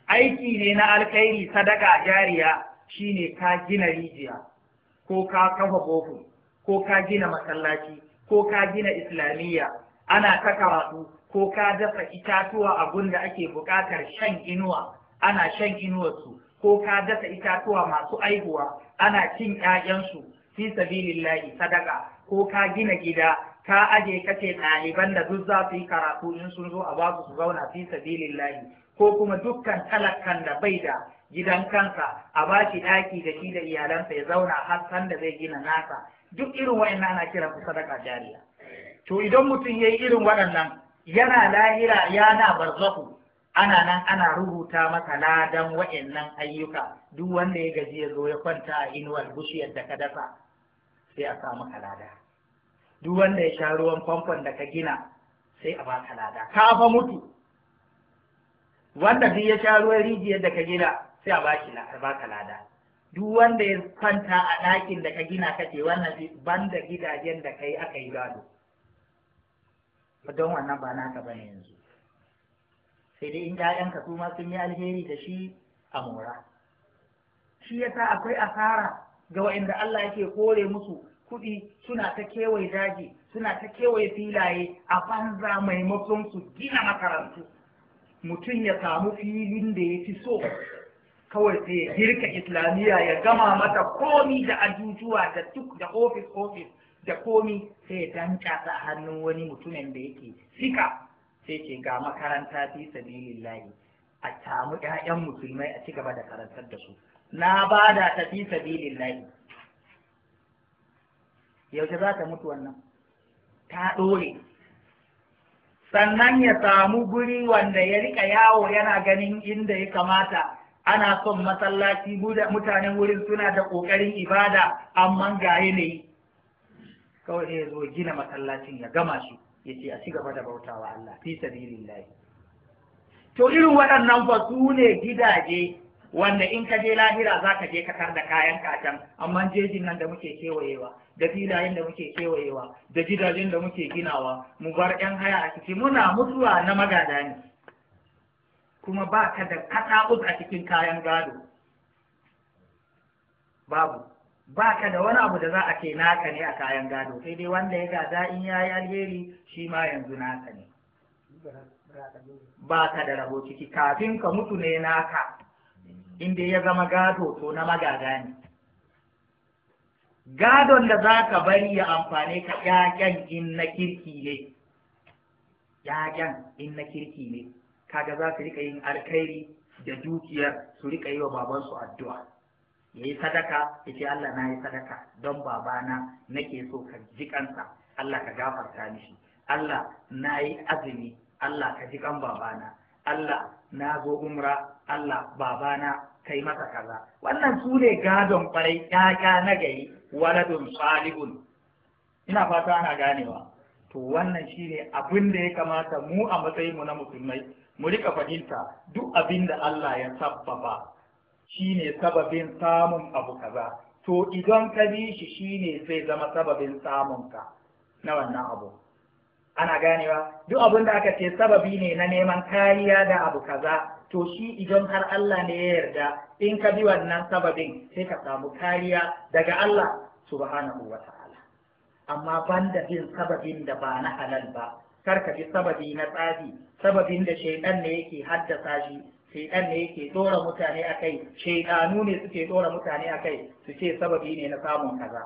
aiki ne na alkhairi sadaka jariya shine ka gina rijiya ko ka kafa bofu ko ka gina masallaci ko ka gina islamiyya ana ta karatu ko ka dasa itatuwa abun da ake buƙatar shan inuwa ana shan inuwarsu ko ka dasa itatuwa masu aihuwa ana cin ƴaƴansu fi sabilillahi sadaka ko ka gina gida ka aje kace ɗaliban da duk za su yi karatu in sun zo a basu su zauna fi sabilillahi ko kuma dukkan talakan da bai da gidan kansa a bashi ɗaki da shi da iyalansa ya zauna har san zai gina nasa duk irin wayannan ana kira su sadaka jariya to idan mutum yayi irin waɗannan yana lahira yana barzahu ana nan ana rubuta maka ladan nan ayyuka duk wanda ya gaji ya zo ya kwanta a inuwar bushiyar da ka dasa sai a samu kalada duk wanda ya sha ruwan famfon da ka gina sai a baka lada ka fa mutu wanda duk ya sha ruwan rijiyar da ka gina sai a baki lada duk wanda ya kwanta a ɗakin da ka gina kace wannan ban da gidajen da kai aka yi gado don wannan ba naka bane yanzu sai dai in ƴaƴanka su ma sun yi alheri da shi a mora shi yasa akwai asara ga waɗanda Allah yake kore musu kuɗi suna ta kewaye daji suna ta kewaye filaye a banza maimakon su gina makarantu mutum ya samu filin da ya fi so kawai sai ya girka islamiyya ya gama mata komi da ajujuwa da duk da ofis ofis da komi sai ya danka a hannun wani mutumin da yake sika sai ke ga makaranta fi sabilillahi a samu ƴaƴan musulmai a ci gaba da karantar da su na bada ta fi sabilillahi yaushe za ta mutu wannan ta ɗore sannan ya samu guri wanda ya rika yawo yana ganin inda ya kamata ana son masallaci mutanen wurin suna da ƙoƙarin ibada amma ga yanayi kawai ya zo gina masallacin ya gama shi ya ce a ci gaba da bautawa Allah fi sabilillahi to irin waɗannan fa su ne gidaje wanda in ka je lahira za ka je ka tar da kayan kacan amma jejin nan da muke kewayewa da filayen da muke kewayewa da gidajen da muke ginawa mu bar 'yan haya a ciki muna mutuwa na magada ne kuma ba ka da katabus a cikin kayan gado babu ba ka da wani abu da za a ce naka ne a kayan gado sai dai wanda ya gada in ya yi alheri shi ma yanzu naka ne ba ka da rabo ciki kafin ka mutu ne naka inda ya zama gado to na magada ne gadon da za ka bari ya amfane ka ƴaƴan in na kirki ne in na kirki ne kaga za su rika yin alkhairi da dukiyar su rika yi wa babansu addu'a ya yi sadaka ya ce Allah na yi sadaka don babana nake so ka ji kansa Allah ka gafarta mishi Allah na yi azumi Allah ka ji kan babana Allah na zo umra Allah babana kai masa kaza wannan su ne gadon kwarai ƴaƴa na gari waladun salihun ina fata ana ganewa to wannan shine abin da ya kamata mu a matsayin mu na musulmai mu rika fahimta duk abin da Allah ya sabbaba ne sababin samun abu kaza to idan ka bi shi shi ne zai zama sababin samun na wannan abu ana ganewa duk abin da aka ce sababi ne na neman kariya da abu kaza to shi idan har Allah ne ya yarda in ka bi wannan sababin sai ka samu kariya daga Allah subhanahu wa ta'ala amma banda bin sababin da ba na halal ba kar ka bi sababi na tsafi sababin da shaidan ne yake haddasa shi shaidan ne yake dora mutane akai shaidanu ne suke dora mutane akai su ce sababi ne na samun kaza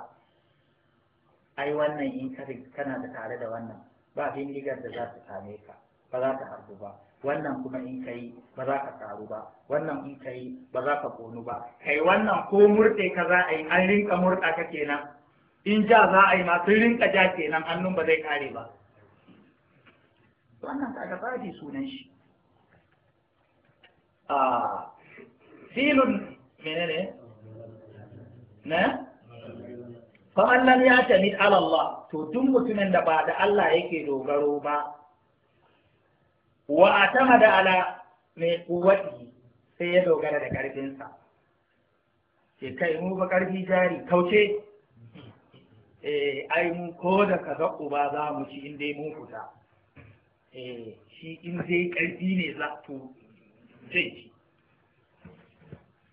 ai wannan in kana da tare da wannan ba digar da za ta same ka ba za ta harbu ba wannan kuma in ka yi ba za ka karu ba wannan in ka yi ba za ka konu ba kai wannan ko murɗe ka za a yi an rinka murɗa ka kenan in ja za a yi ma sun rinka ja kenan hannun ba zai kare ba wannan kaga babi sunan shi a filun menene na faman ya tamid ala Allah to duk mutumin da ba da Allah yake dogaro ba wa atamada ala mai kuwati sai ya dogara da karfinsa ke kai mu ba karfi jari kauce eh ai mu ko da kaza uba za mu ci in dai mun fita Eh, shi in zai ƙarfi ne za to zai ci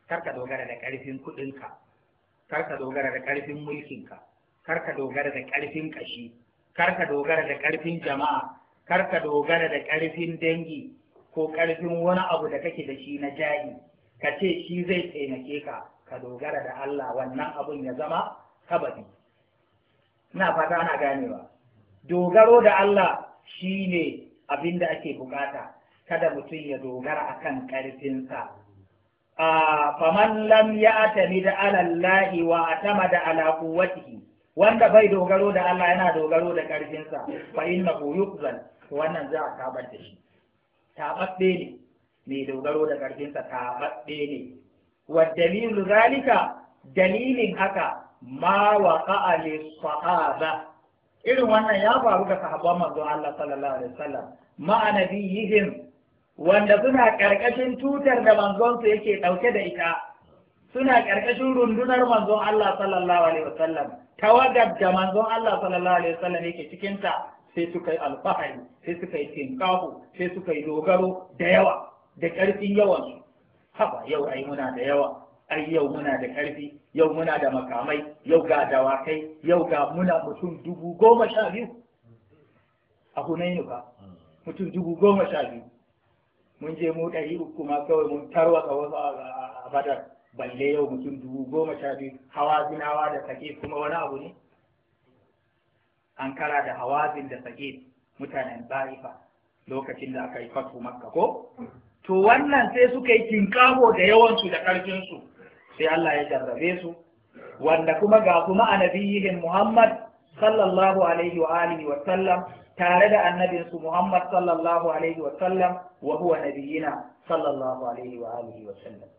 karka dogara da ƙarfin kuɗinka karka dogara da ƙarfin mulkinka karka dogara da ƙarfin ƙashi karka dogara da ƙarfin jama'a karka dogara da ƙarfin dangi ko ƙarfin wani abu da kake da shi na jari ka ce shi zai taimake ka ka dogara da Allah wannan abun ya zama kabari. ina fata ana ganewa dogaro da Allah shi ne. abin da ake bukata kada mutum ya dogara a kan ƙarfinsa faman lam ya atami da alallahi wa atama da ala wanda bai dogaro da Allah yana dogaro da ƙarfinsa fa innahu yuqzal wannan za a tabar da shi Taɓaɓɓe ne mai dogaro da ƙarfinsa taɓaɓɓe ne wa dalilu zalika dalilin haka ma waqa fa'a sahaba irin wannan ya faru ga sahabban manzon Allah sallallahu alaihi wasallam ma'a nabiyihim wanda suna ƙarƙashin tutar da manzonsu yake ɗauke da ita suna ƙarƙashin rundunar manzon Allah sallallahu alaihi wasallam tawagar da manzon Allah sallallahu alaihi wasallam yake cikinta sai suka yi alfahari sai suka yi tinkahu sai suka yi dogaro da yawa da ƙarfin yawan haba yau ai muna da yawa ai yau muna da ƙarfi yau muna da makamai yau ga dawakai yau ga muna mutum dubu goma sha biyu a hunainu ba mutum dubu goma sha biyu mun je mu ɗari uku ma kawai mun tarwatsa wasu a badar balle yau mutum dubu goma sha biyu hawa zinawa da sake kuma wani abu ne an kara da hawazin da sake mutanen ba'ifa lokacin da aka yi fatu makka ko to wannan sai suka yi kinkaho da yawansu da ƙarfinsu sai Allah ya jarrabe su wanda kuma ga kuma annabiyyin Muhammad sallallahu alaihi wa alihi wa sallam tare da annabinsu Muhammad sallallahu alaihi wa wasallam wa huwa nabiyina sallallahu alaihi wa alihi wasallam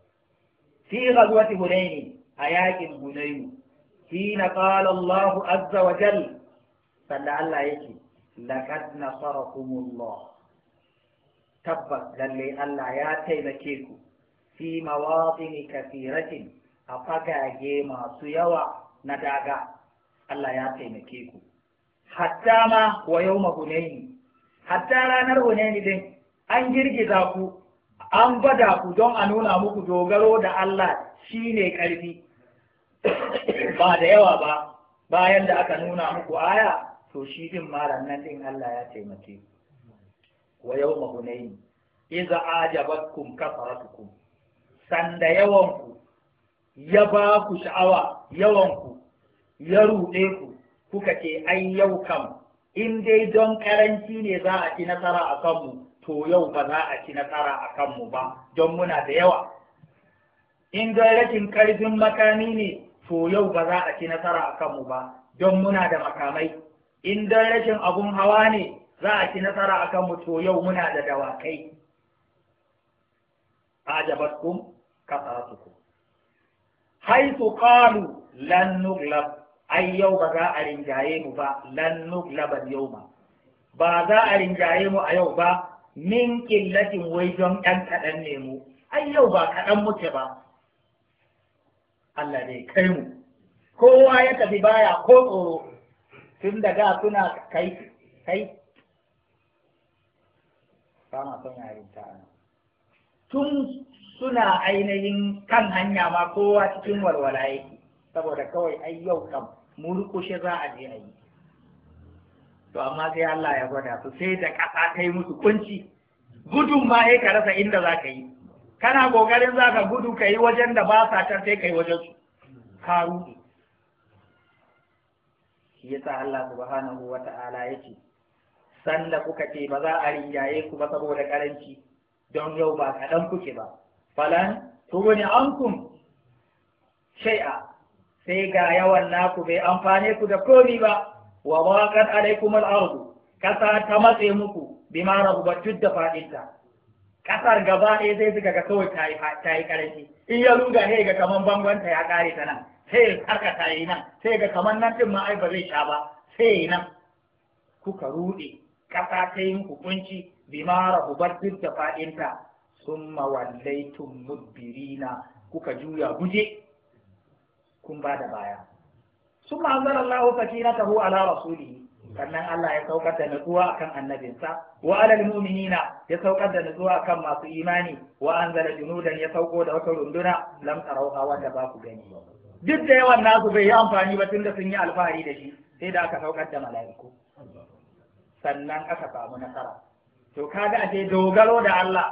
fi ghazwati hunaini a yakin hunaini hina qala Allahu azza wa jal sanda Allah yake laqad nasarakumullah tabbas lalle Allah ya taimake ku fi mawadin kathiratin a fagage masu yawa na daga Allah ya taimake ku hatta ma wa yau hunaini hatta ranar hunaini din an girgiza ku an bada ku don a nuna muku dogaro da Allah shi ne ƙarfi ba da yawa ba bayan da aka nuna muku aya to shi din maran nan din Allah ya taimake wa yau hunaini iza ajabakum kafaratukum sanda yawanku ya ba ku sha'awa yawanku ya ruɗe ku kuka ce ai yau kam in dai don karanci ne za a ci nasara a kanmu to yau ba za a ci nasara a kanmu ba don muna da yawa in don rashin karfin makami ne to yau ba za a ci nasara a kanmu ba don muna da makamai in don rashin abun hawa ne za a ci nasara a kanmu to yau muna da dawakai ajabatkum kasatukum haythu qalu lan nuglab ai yau ba za a rinjaye mu ba lan nuglabal yawma ba za a rinjaye mu a yau ba min killatin wai don ɗan kaɗan ne mu ai yau ba kaɗan muke ba Allah ne kai mu kowa ya tafi baya ko tsoro tun da ga suna kai kai ba son ta tun suna ainihin kan hanya ma kowa cikin walwala yake saboda kawai ai yau kam murƙushe za a je a yi to amma sai Allah ya gwada su sai da ƙasa ta yi musu kunci gudun ma sai ka rasa inda za ka yi kana ƙoƙarin za ka gudu ka yi wajen da ba sa can sai ka yi wajen su ka ruɗe shi sa Allah subhanahu wa ta'ala ya ce sanda kuka ce ba za a rinjaye ku ba saboda karanci don yau ba kaɗan kuke ba falan tuguni ankum shai'a sai ga yawan naku bai amfane ku da komi ba wa baqat alaikum al-ardu kasa ta matse muku ma rahubat tudda fadinta kasar gaba ɗaya sai suka ga kawai ta yi ta in ya ruga sai ga kaman bangwanta ya kare ta nan sai harka tayi nan sai ga kaman nan din ma ai ba zai sha ba sai nan kuka rude kasa ta yi bi ma rahubat tudda fadinta summa wallaitum mudbirina kuka juya guje kun ba da baya summa na sakinatahu ala rasuli sannan Allah ya saukar da nutsuwa akan annabinsa wa alal mu'minina ya saukar da nutsuwa akan masu imani wa anzala junudan ya sauko da wata runduna lam tarauha wanda ba ku gani duk da yawan nasu bai yi amfani ba tunda sun yi alfahari da shi sai da aka saukar da mala'iku sannan aka samu nasara to kaga a dogaro da Allah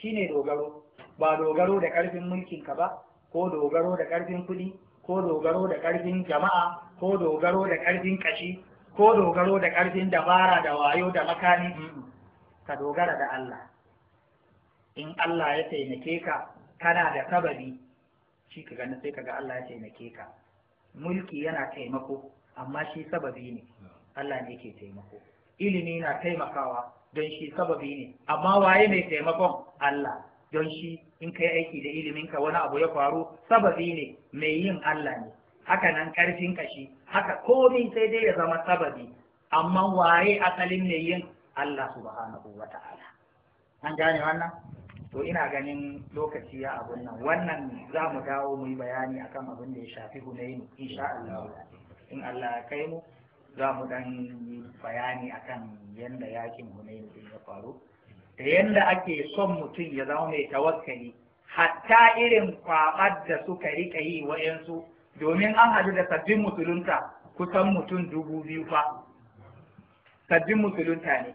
shine dogaro ba dogaro da karfin mulkin ka ba ko dogaro da ƙarfin kuɗi ko dogaro da ƙarfin jama'a ko dogaro da ƙarfin ƙashi ko dogaro da ƙarfin dabara da wayo da makani ka dogara da Allah in Allah ya taimake ka kana da sababi shi ka gani sai kaga Allah ya taimake ka mulki yana taimako amma shi sababi ne Allah ne ke taimako ilimi na taimakawa don shi sababi ne amma waye mai taimakon Allah don shi in kai aiki da ilimin ka wani abu ya faru sababi ne mai yin Allah ne haka nan karfin shi haka komai sai dai ya zama sababi amma waye asalin mai yin Allah subhanahu wa ta'ala an gane wannan to ina ganin lokaci ya abun nan wannan za mu dawo mu yi bayani akan abin da ya shafi Hunainu insha Allah in Allah ya kai mu za mu dan bayani akan yanda yakin Hunainu din ya faru da yanda ake son mutum ya zama mai tawakkali hatta irin kwabar da suka rika yi wa'yansu domin an haɗu da sabbin musulunta kusan mutum dubu biyu fa sabbin musulunta ne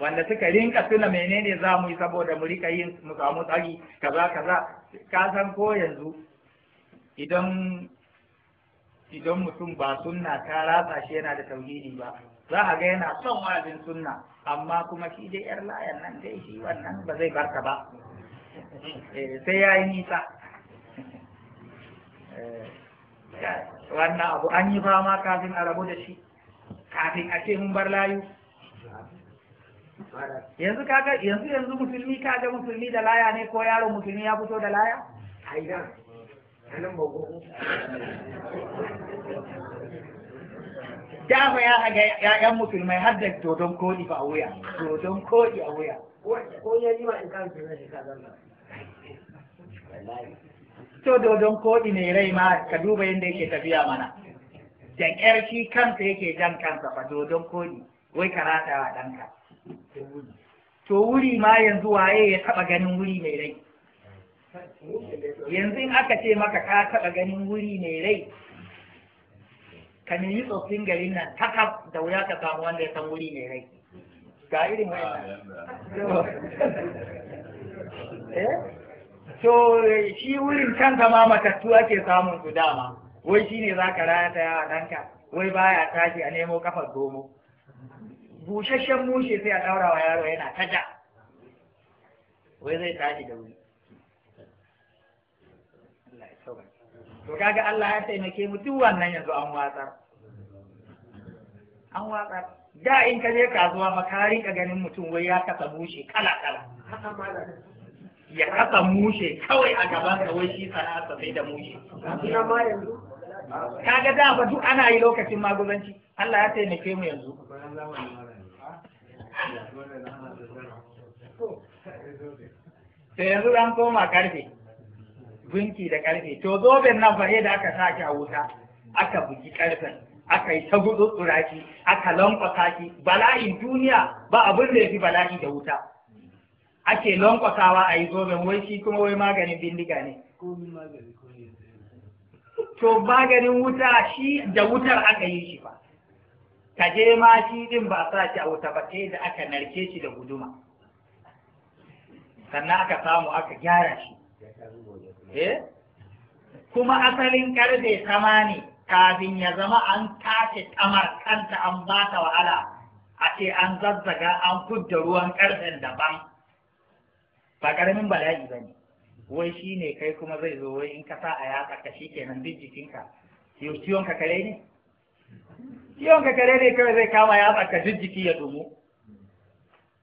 wanda suka rinka suna menene za mu yi saboda mu rika yin mu samu tsari kaza kaza ka san ko yanzu idan mutum ba sunna ta ratsa shi yana da tauhidi ba za a ga yana son wa'azin sunna amma kuma shi dai yar layan nan dai shi wannan ba zai barka ba eh, sai ya yi nisa eh, wannan abu an yi fama kafin a rabu da shi kafin a ce mun bar layu yanzu kaga yanzu yanzu musulmi kaga musulmi da laya ne ko yaro musulmi ya fito da laya aidan anan Dafa ya haga ‘ya'yan musulmai har da dodon koɗi ba a wuya, dodon koɗi a wuya. Ko ya yi ma in kan su zai ka To dodon koɗi ne rai ma ka duba yadda yake tafiya mana. Da ƙarfi shi kansa yake jan kansa fa dodon koɗi, wai ka ratawa ɗanka. To wuri ma yanzu waye ya taɓa ganin wuri mai rai. Yanzu in aka ce maka ka taɓa ganin wuri mai rai, ka nemi tsoffin garin nan takab da wuya ka samu wanda ya san wuri mai rai ga irin wayan eh? so shi wurin can kama matattu ake samun su dama wai shi ne za ka raya ta yawa danka wai baya tashi a nemo kafar domo busasshen mushe sai a daura wa yaro yana ta wai zai tashi da wuri to kaga Allah ya taimake mu duk wannan yanzu an watsar an watsar da in ka je kasuwa makari ka ganin mutum wai ya kasa mushe kala kala ya kasa mushe kawai a gaban ka wai shi sana'a sai da mushe kaga da ba duk ana yi lokacin magudanci Allah ya taimake mu yanzu sai yanzu an koma karfe gunki da ƙarfe, to zoben nan fa da aka sake a wuta aka bugi ƙarfen, aka yi ta gudu tsuraki aka lankwasa ki bala'in duniya ba abin da ya fi bala'i da wuta ake lankwasawa a yi zoben wai shi kuma wai maganin bindiga ne to maganin wuta shi da wutar aka yi shi fa ka je ma shi din ba sa shi a wuta ba sai da aka narke shi da guduma sannan aka samu aka gyara shi Eh? kuma asalin karfe sama ne kafin ya zama an tace tamar kanta an ba ta wahala a ce an zazzaga an kudda ruwan karfen daban ba karamin bala'i ba ne wai shi ne kai kuma zai zo wai in kasa a yatsa ka shi kenan duk jikinka yau ciwon ka kare ne ciwon ka kare ne kawai zai kama yatsa ka duk jiki ya dumu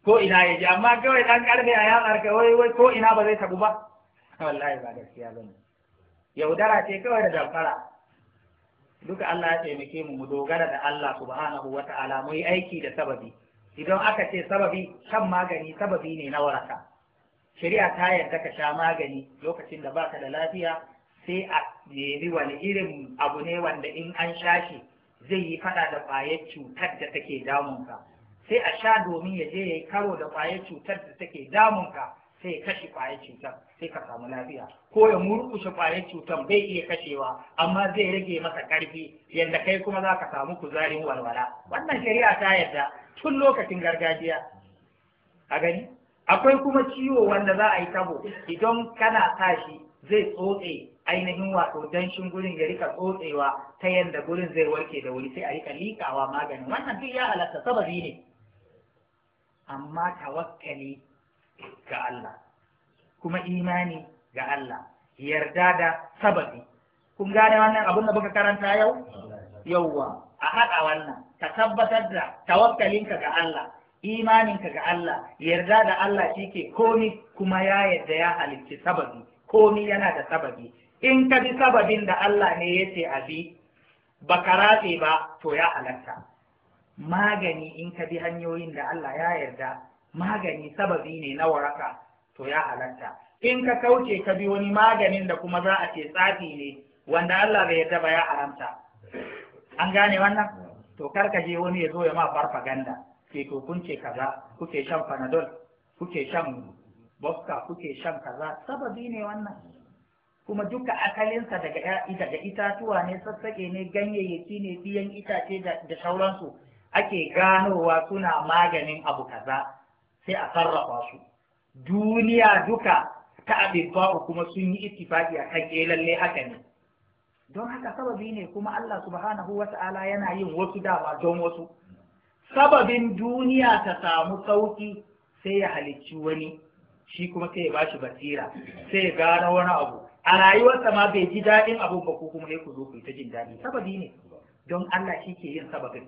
ko ina ya ji amma kawai dan karfe a yatsa ka wai ko ina ba zai tabu ba wallahi ba gaskiya bane yaudara ce kawai da damfara duka Allah ya taimake mu mu dogara da Allah subhanahu wa ta'ala mu yi aiki da sababi idan aka ce sababi kan magani sababi ne na waraka shari'a ta yarda ka sha magani lokacin da baka da lafiya sai a nemi wani irin abu ne wanda in an sha shi zai yi fada da kwayar cutar da take damunka sai a sha domin ya je ya yi karo da kwayar cutar da take damunka sai ya kashe ƙwayar cutar sai ka samu lafiya ko ya murkushe ƙwayar cutar bai iya kashewa amma zai rage masa ƙarfi yadda kai kuma za ka samu kuzarin walwala wannan shari'a ta yarda tun lokacin gargajiya a gani akwai kuma ciwo wanda za a yi tabo idan kana tashi zai tsotse ainihin wato danshin gurin ya rika tsotsewa ta yadda gurin zai warke da wuri sai a rika likawa magani. wannan duk ya halatta sababi ne amma tawakkali ga Allah kuma imani ga Allah yarda da sababi kun gane wannan abun da baka karanta yau yauwa a haɗa wannan ka tabbatar da tawakkalinka ga Allah imaninka ga Allah yarda da Allah shi ke komi kuma ya yarda ya halicci sababi komi yana da sababi in ka bi sababin da Allah ne ya ce a bi ba ka ratse ba to ya halatta magani in ka bi hanyoyin da Allah ya yarda magani sababi ne na waraka to ya halatta in ka kauce ka bi wani maganin da kuma za a ce tsafi ne wanda Allah bai yarda ba ya haramta an gane wannan to kar ka je wani ya zo ya ma farfaganda ke to kun ce kaza kuke shan panadol kuke shan boska kuke shan kaza sababi ne wannan kuma duka akalinsa daga daga itatuwa ne sassaƙe ne ganyayyaki ne biyan itace da sauransu ake ganowa suna maganin abu kaza sai a sarrafa su duniya duka ta abibbawa kuma sun yi ittifaqi kan eh lalle haka ne don haka sababi ne kuma Allah subhanahu wa ta'ala yana yin wasu dama don wasu sababin duniya ta samu sauki sai ya halicci wani shi kuma sai ya bashi basira sai ya gano wani abu a rayuwarsa ma bai ji daɗin abun ba ko kuma ne ku zo ku ta jin daɗi sababi ne don Allah shi ke yin sababin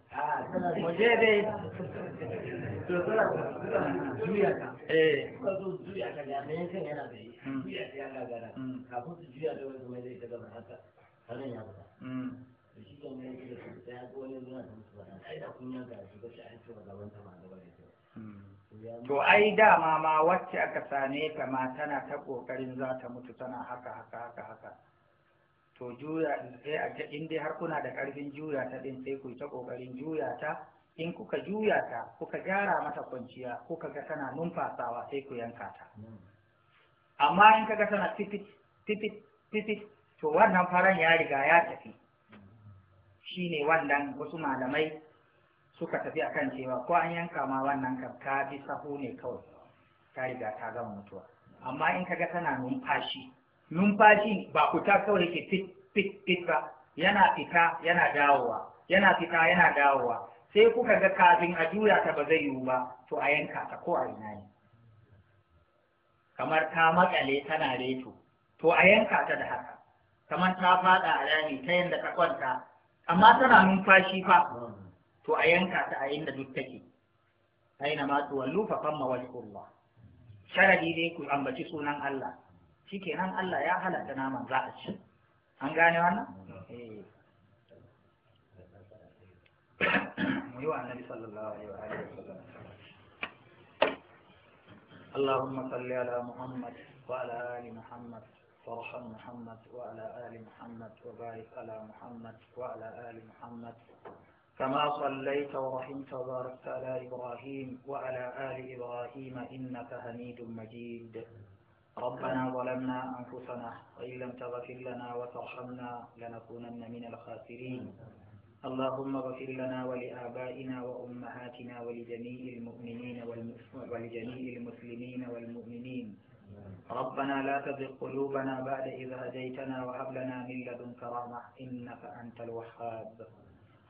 to ai To ai dama ma wacce aka same ta ma tana ta kokarin za ta mutu tana haka haka haka haka to juya sai a ta in dai har kuna da karfin juya ta din sai ku yi ta ƙoƙarin juya ta in kuka juya ta kuka gyara mata kwanciya kuka ga tana numfasawa sai ku yanka ta amma in kaga tana titit titit titit to wannan faran ya riga ya tafi shine wannan wasu malamai suka tafi akan cewa ko an yanka ma wannan kan ka bi sahu ne kawai ta riga ta gama mutuwa amma in kaga tana numfashi numfashi ba ta kawai ke fit fit fit ba yana fita yana dawowa yana fita yana dawowa sai kuka ga kafin a juya ta ba zai yiwu ba to a yanka ta ko a ina ne kamar ta makale tana reto to a yanka ta da haka kamar ta fada a rami ta yadda ta kwanta amma tana numfashi fa to a yanka ta a inda duk take aina ma tuwallu fa famma wajhullah sharadi dai ku ambaci sunan Allah shikenan Allah ya halatta naman za a ci an gane wannan eh mu yi wa annabi sallallahu alaihi wa alihi wasallam اللهم صل على محمد وعلى آل محمد وارحم محمد وعلى آل محمد وبارك على محمد وعلى آل محمد كما صليت ورحمت وباركت على إبراهيم وعلى آل إبراهيم إنك حميد مجيد ربنا ظلمنا أنفسنا وإن لم تغفر لنا وترحمنا لنكونن من الخاسرين اللهم اغفر لنا ولآبائنا وأمهاتنا ولجميع المؤمنين ولجميع المسلمين والمؤمنين ربنا لا تزغ قلوبنا بعد إذ هديتنا وهب لنا من لدنك رحمة إنك أنت الوهاب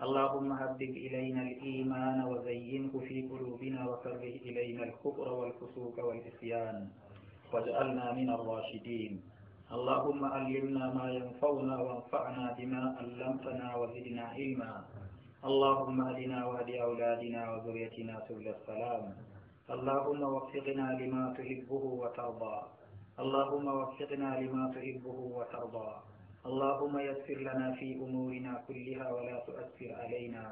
اللهم هبب إلينا الإيمان وزينه في قلوبنا وكره إلينا الكفر والفسوق والعصيان واجعلنا من الراشدين اللهم علمنا ما ينفعنا وانفعنا بما علمتنا وزدنا علما اللهم اهدنا واهد اولادنا وذريتنا سبل السلام اللهم وفقنا لما تحبه وترضى اللهم وفقنا لما تحبه وترضى اللهم يسر لنا في امورنا كلها ولا تؤثر علينا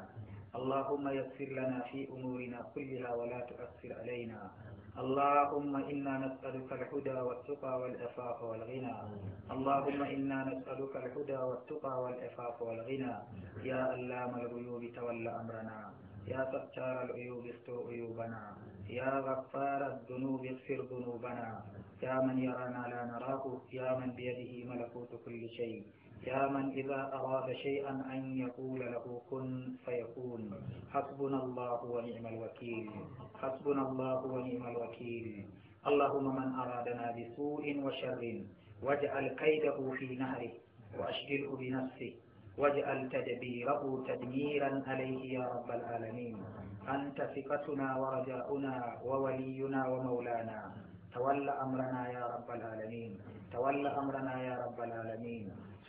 اللهم يسر لنا في امورنا كلها ولا تؤثر علينا اللهم إنا نسألك الهدى والتقى والعفاف والغنى اللهم إنا نسألك الهدى والتقى والعفاف والغنى يا ألام الغيوب تولى أمرنا يا ستار العيوب استر عيوبنا يا غفار الذنوب اغفر ذنوبنا يا من يرانا لا نراه يا من بيده ملكوت كل شيء يا من إذا أراد شيئا أن يقول له كن فيكون حسبنا الله ونعم الوكيل حسبنا الله ونعم الوكيل اللهم من أرادنا بسوء وشر واجعل كيده في نهره وأشغله بنفسه واجعل تدبيره تدميرا عليه يا رب العالمين أنت ثقتنا ورجاؤنا وولينا ومولانا تول أمرنا يا رب العالمين تول أمرنا يا رب العالمين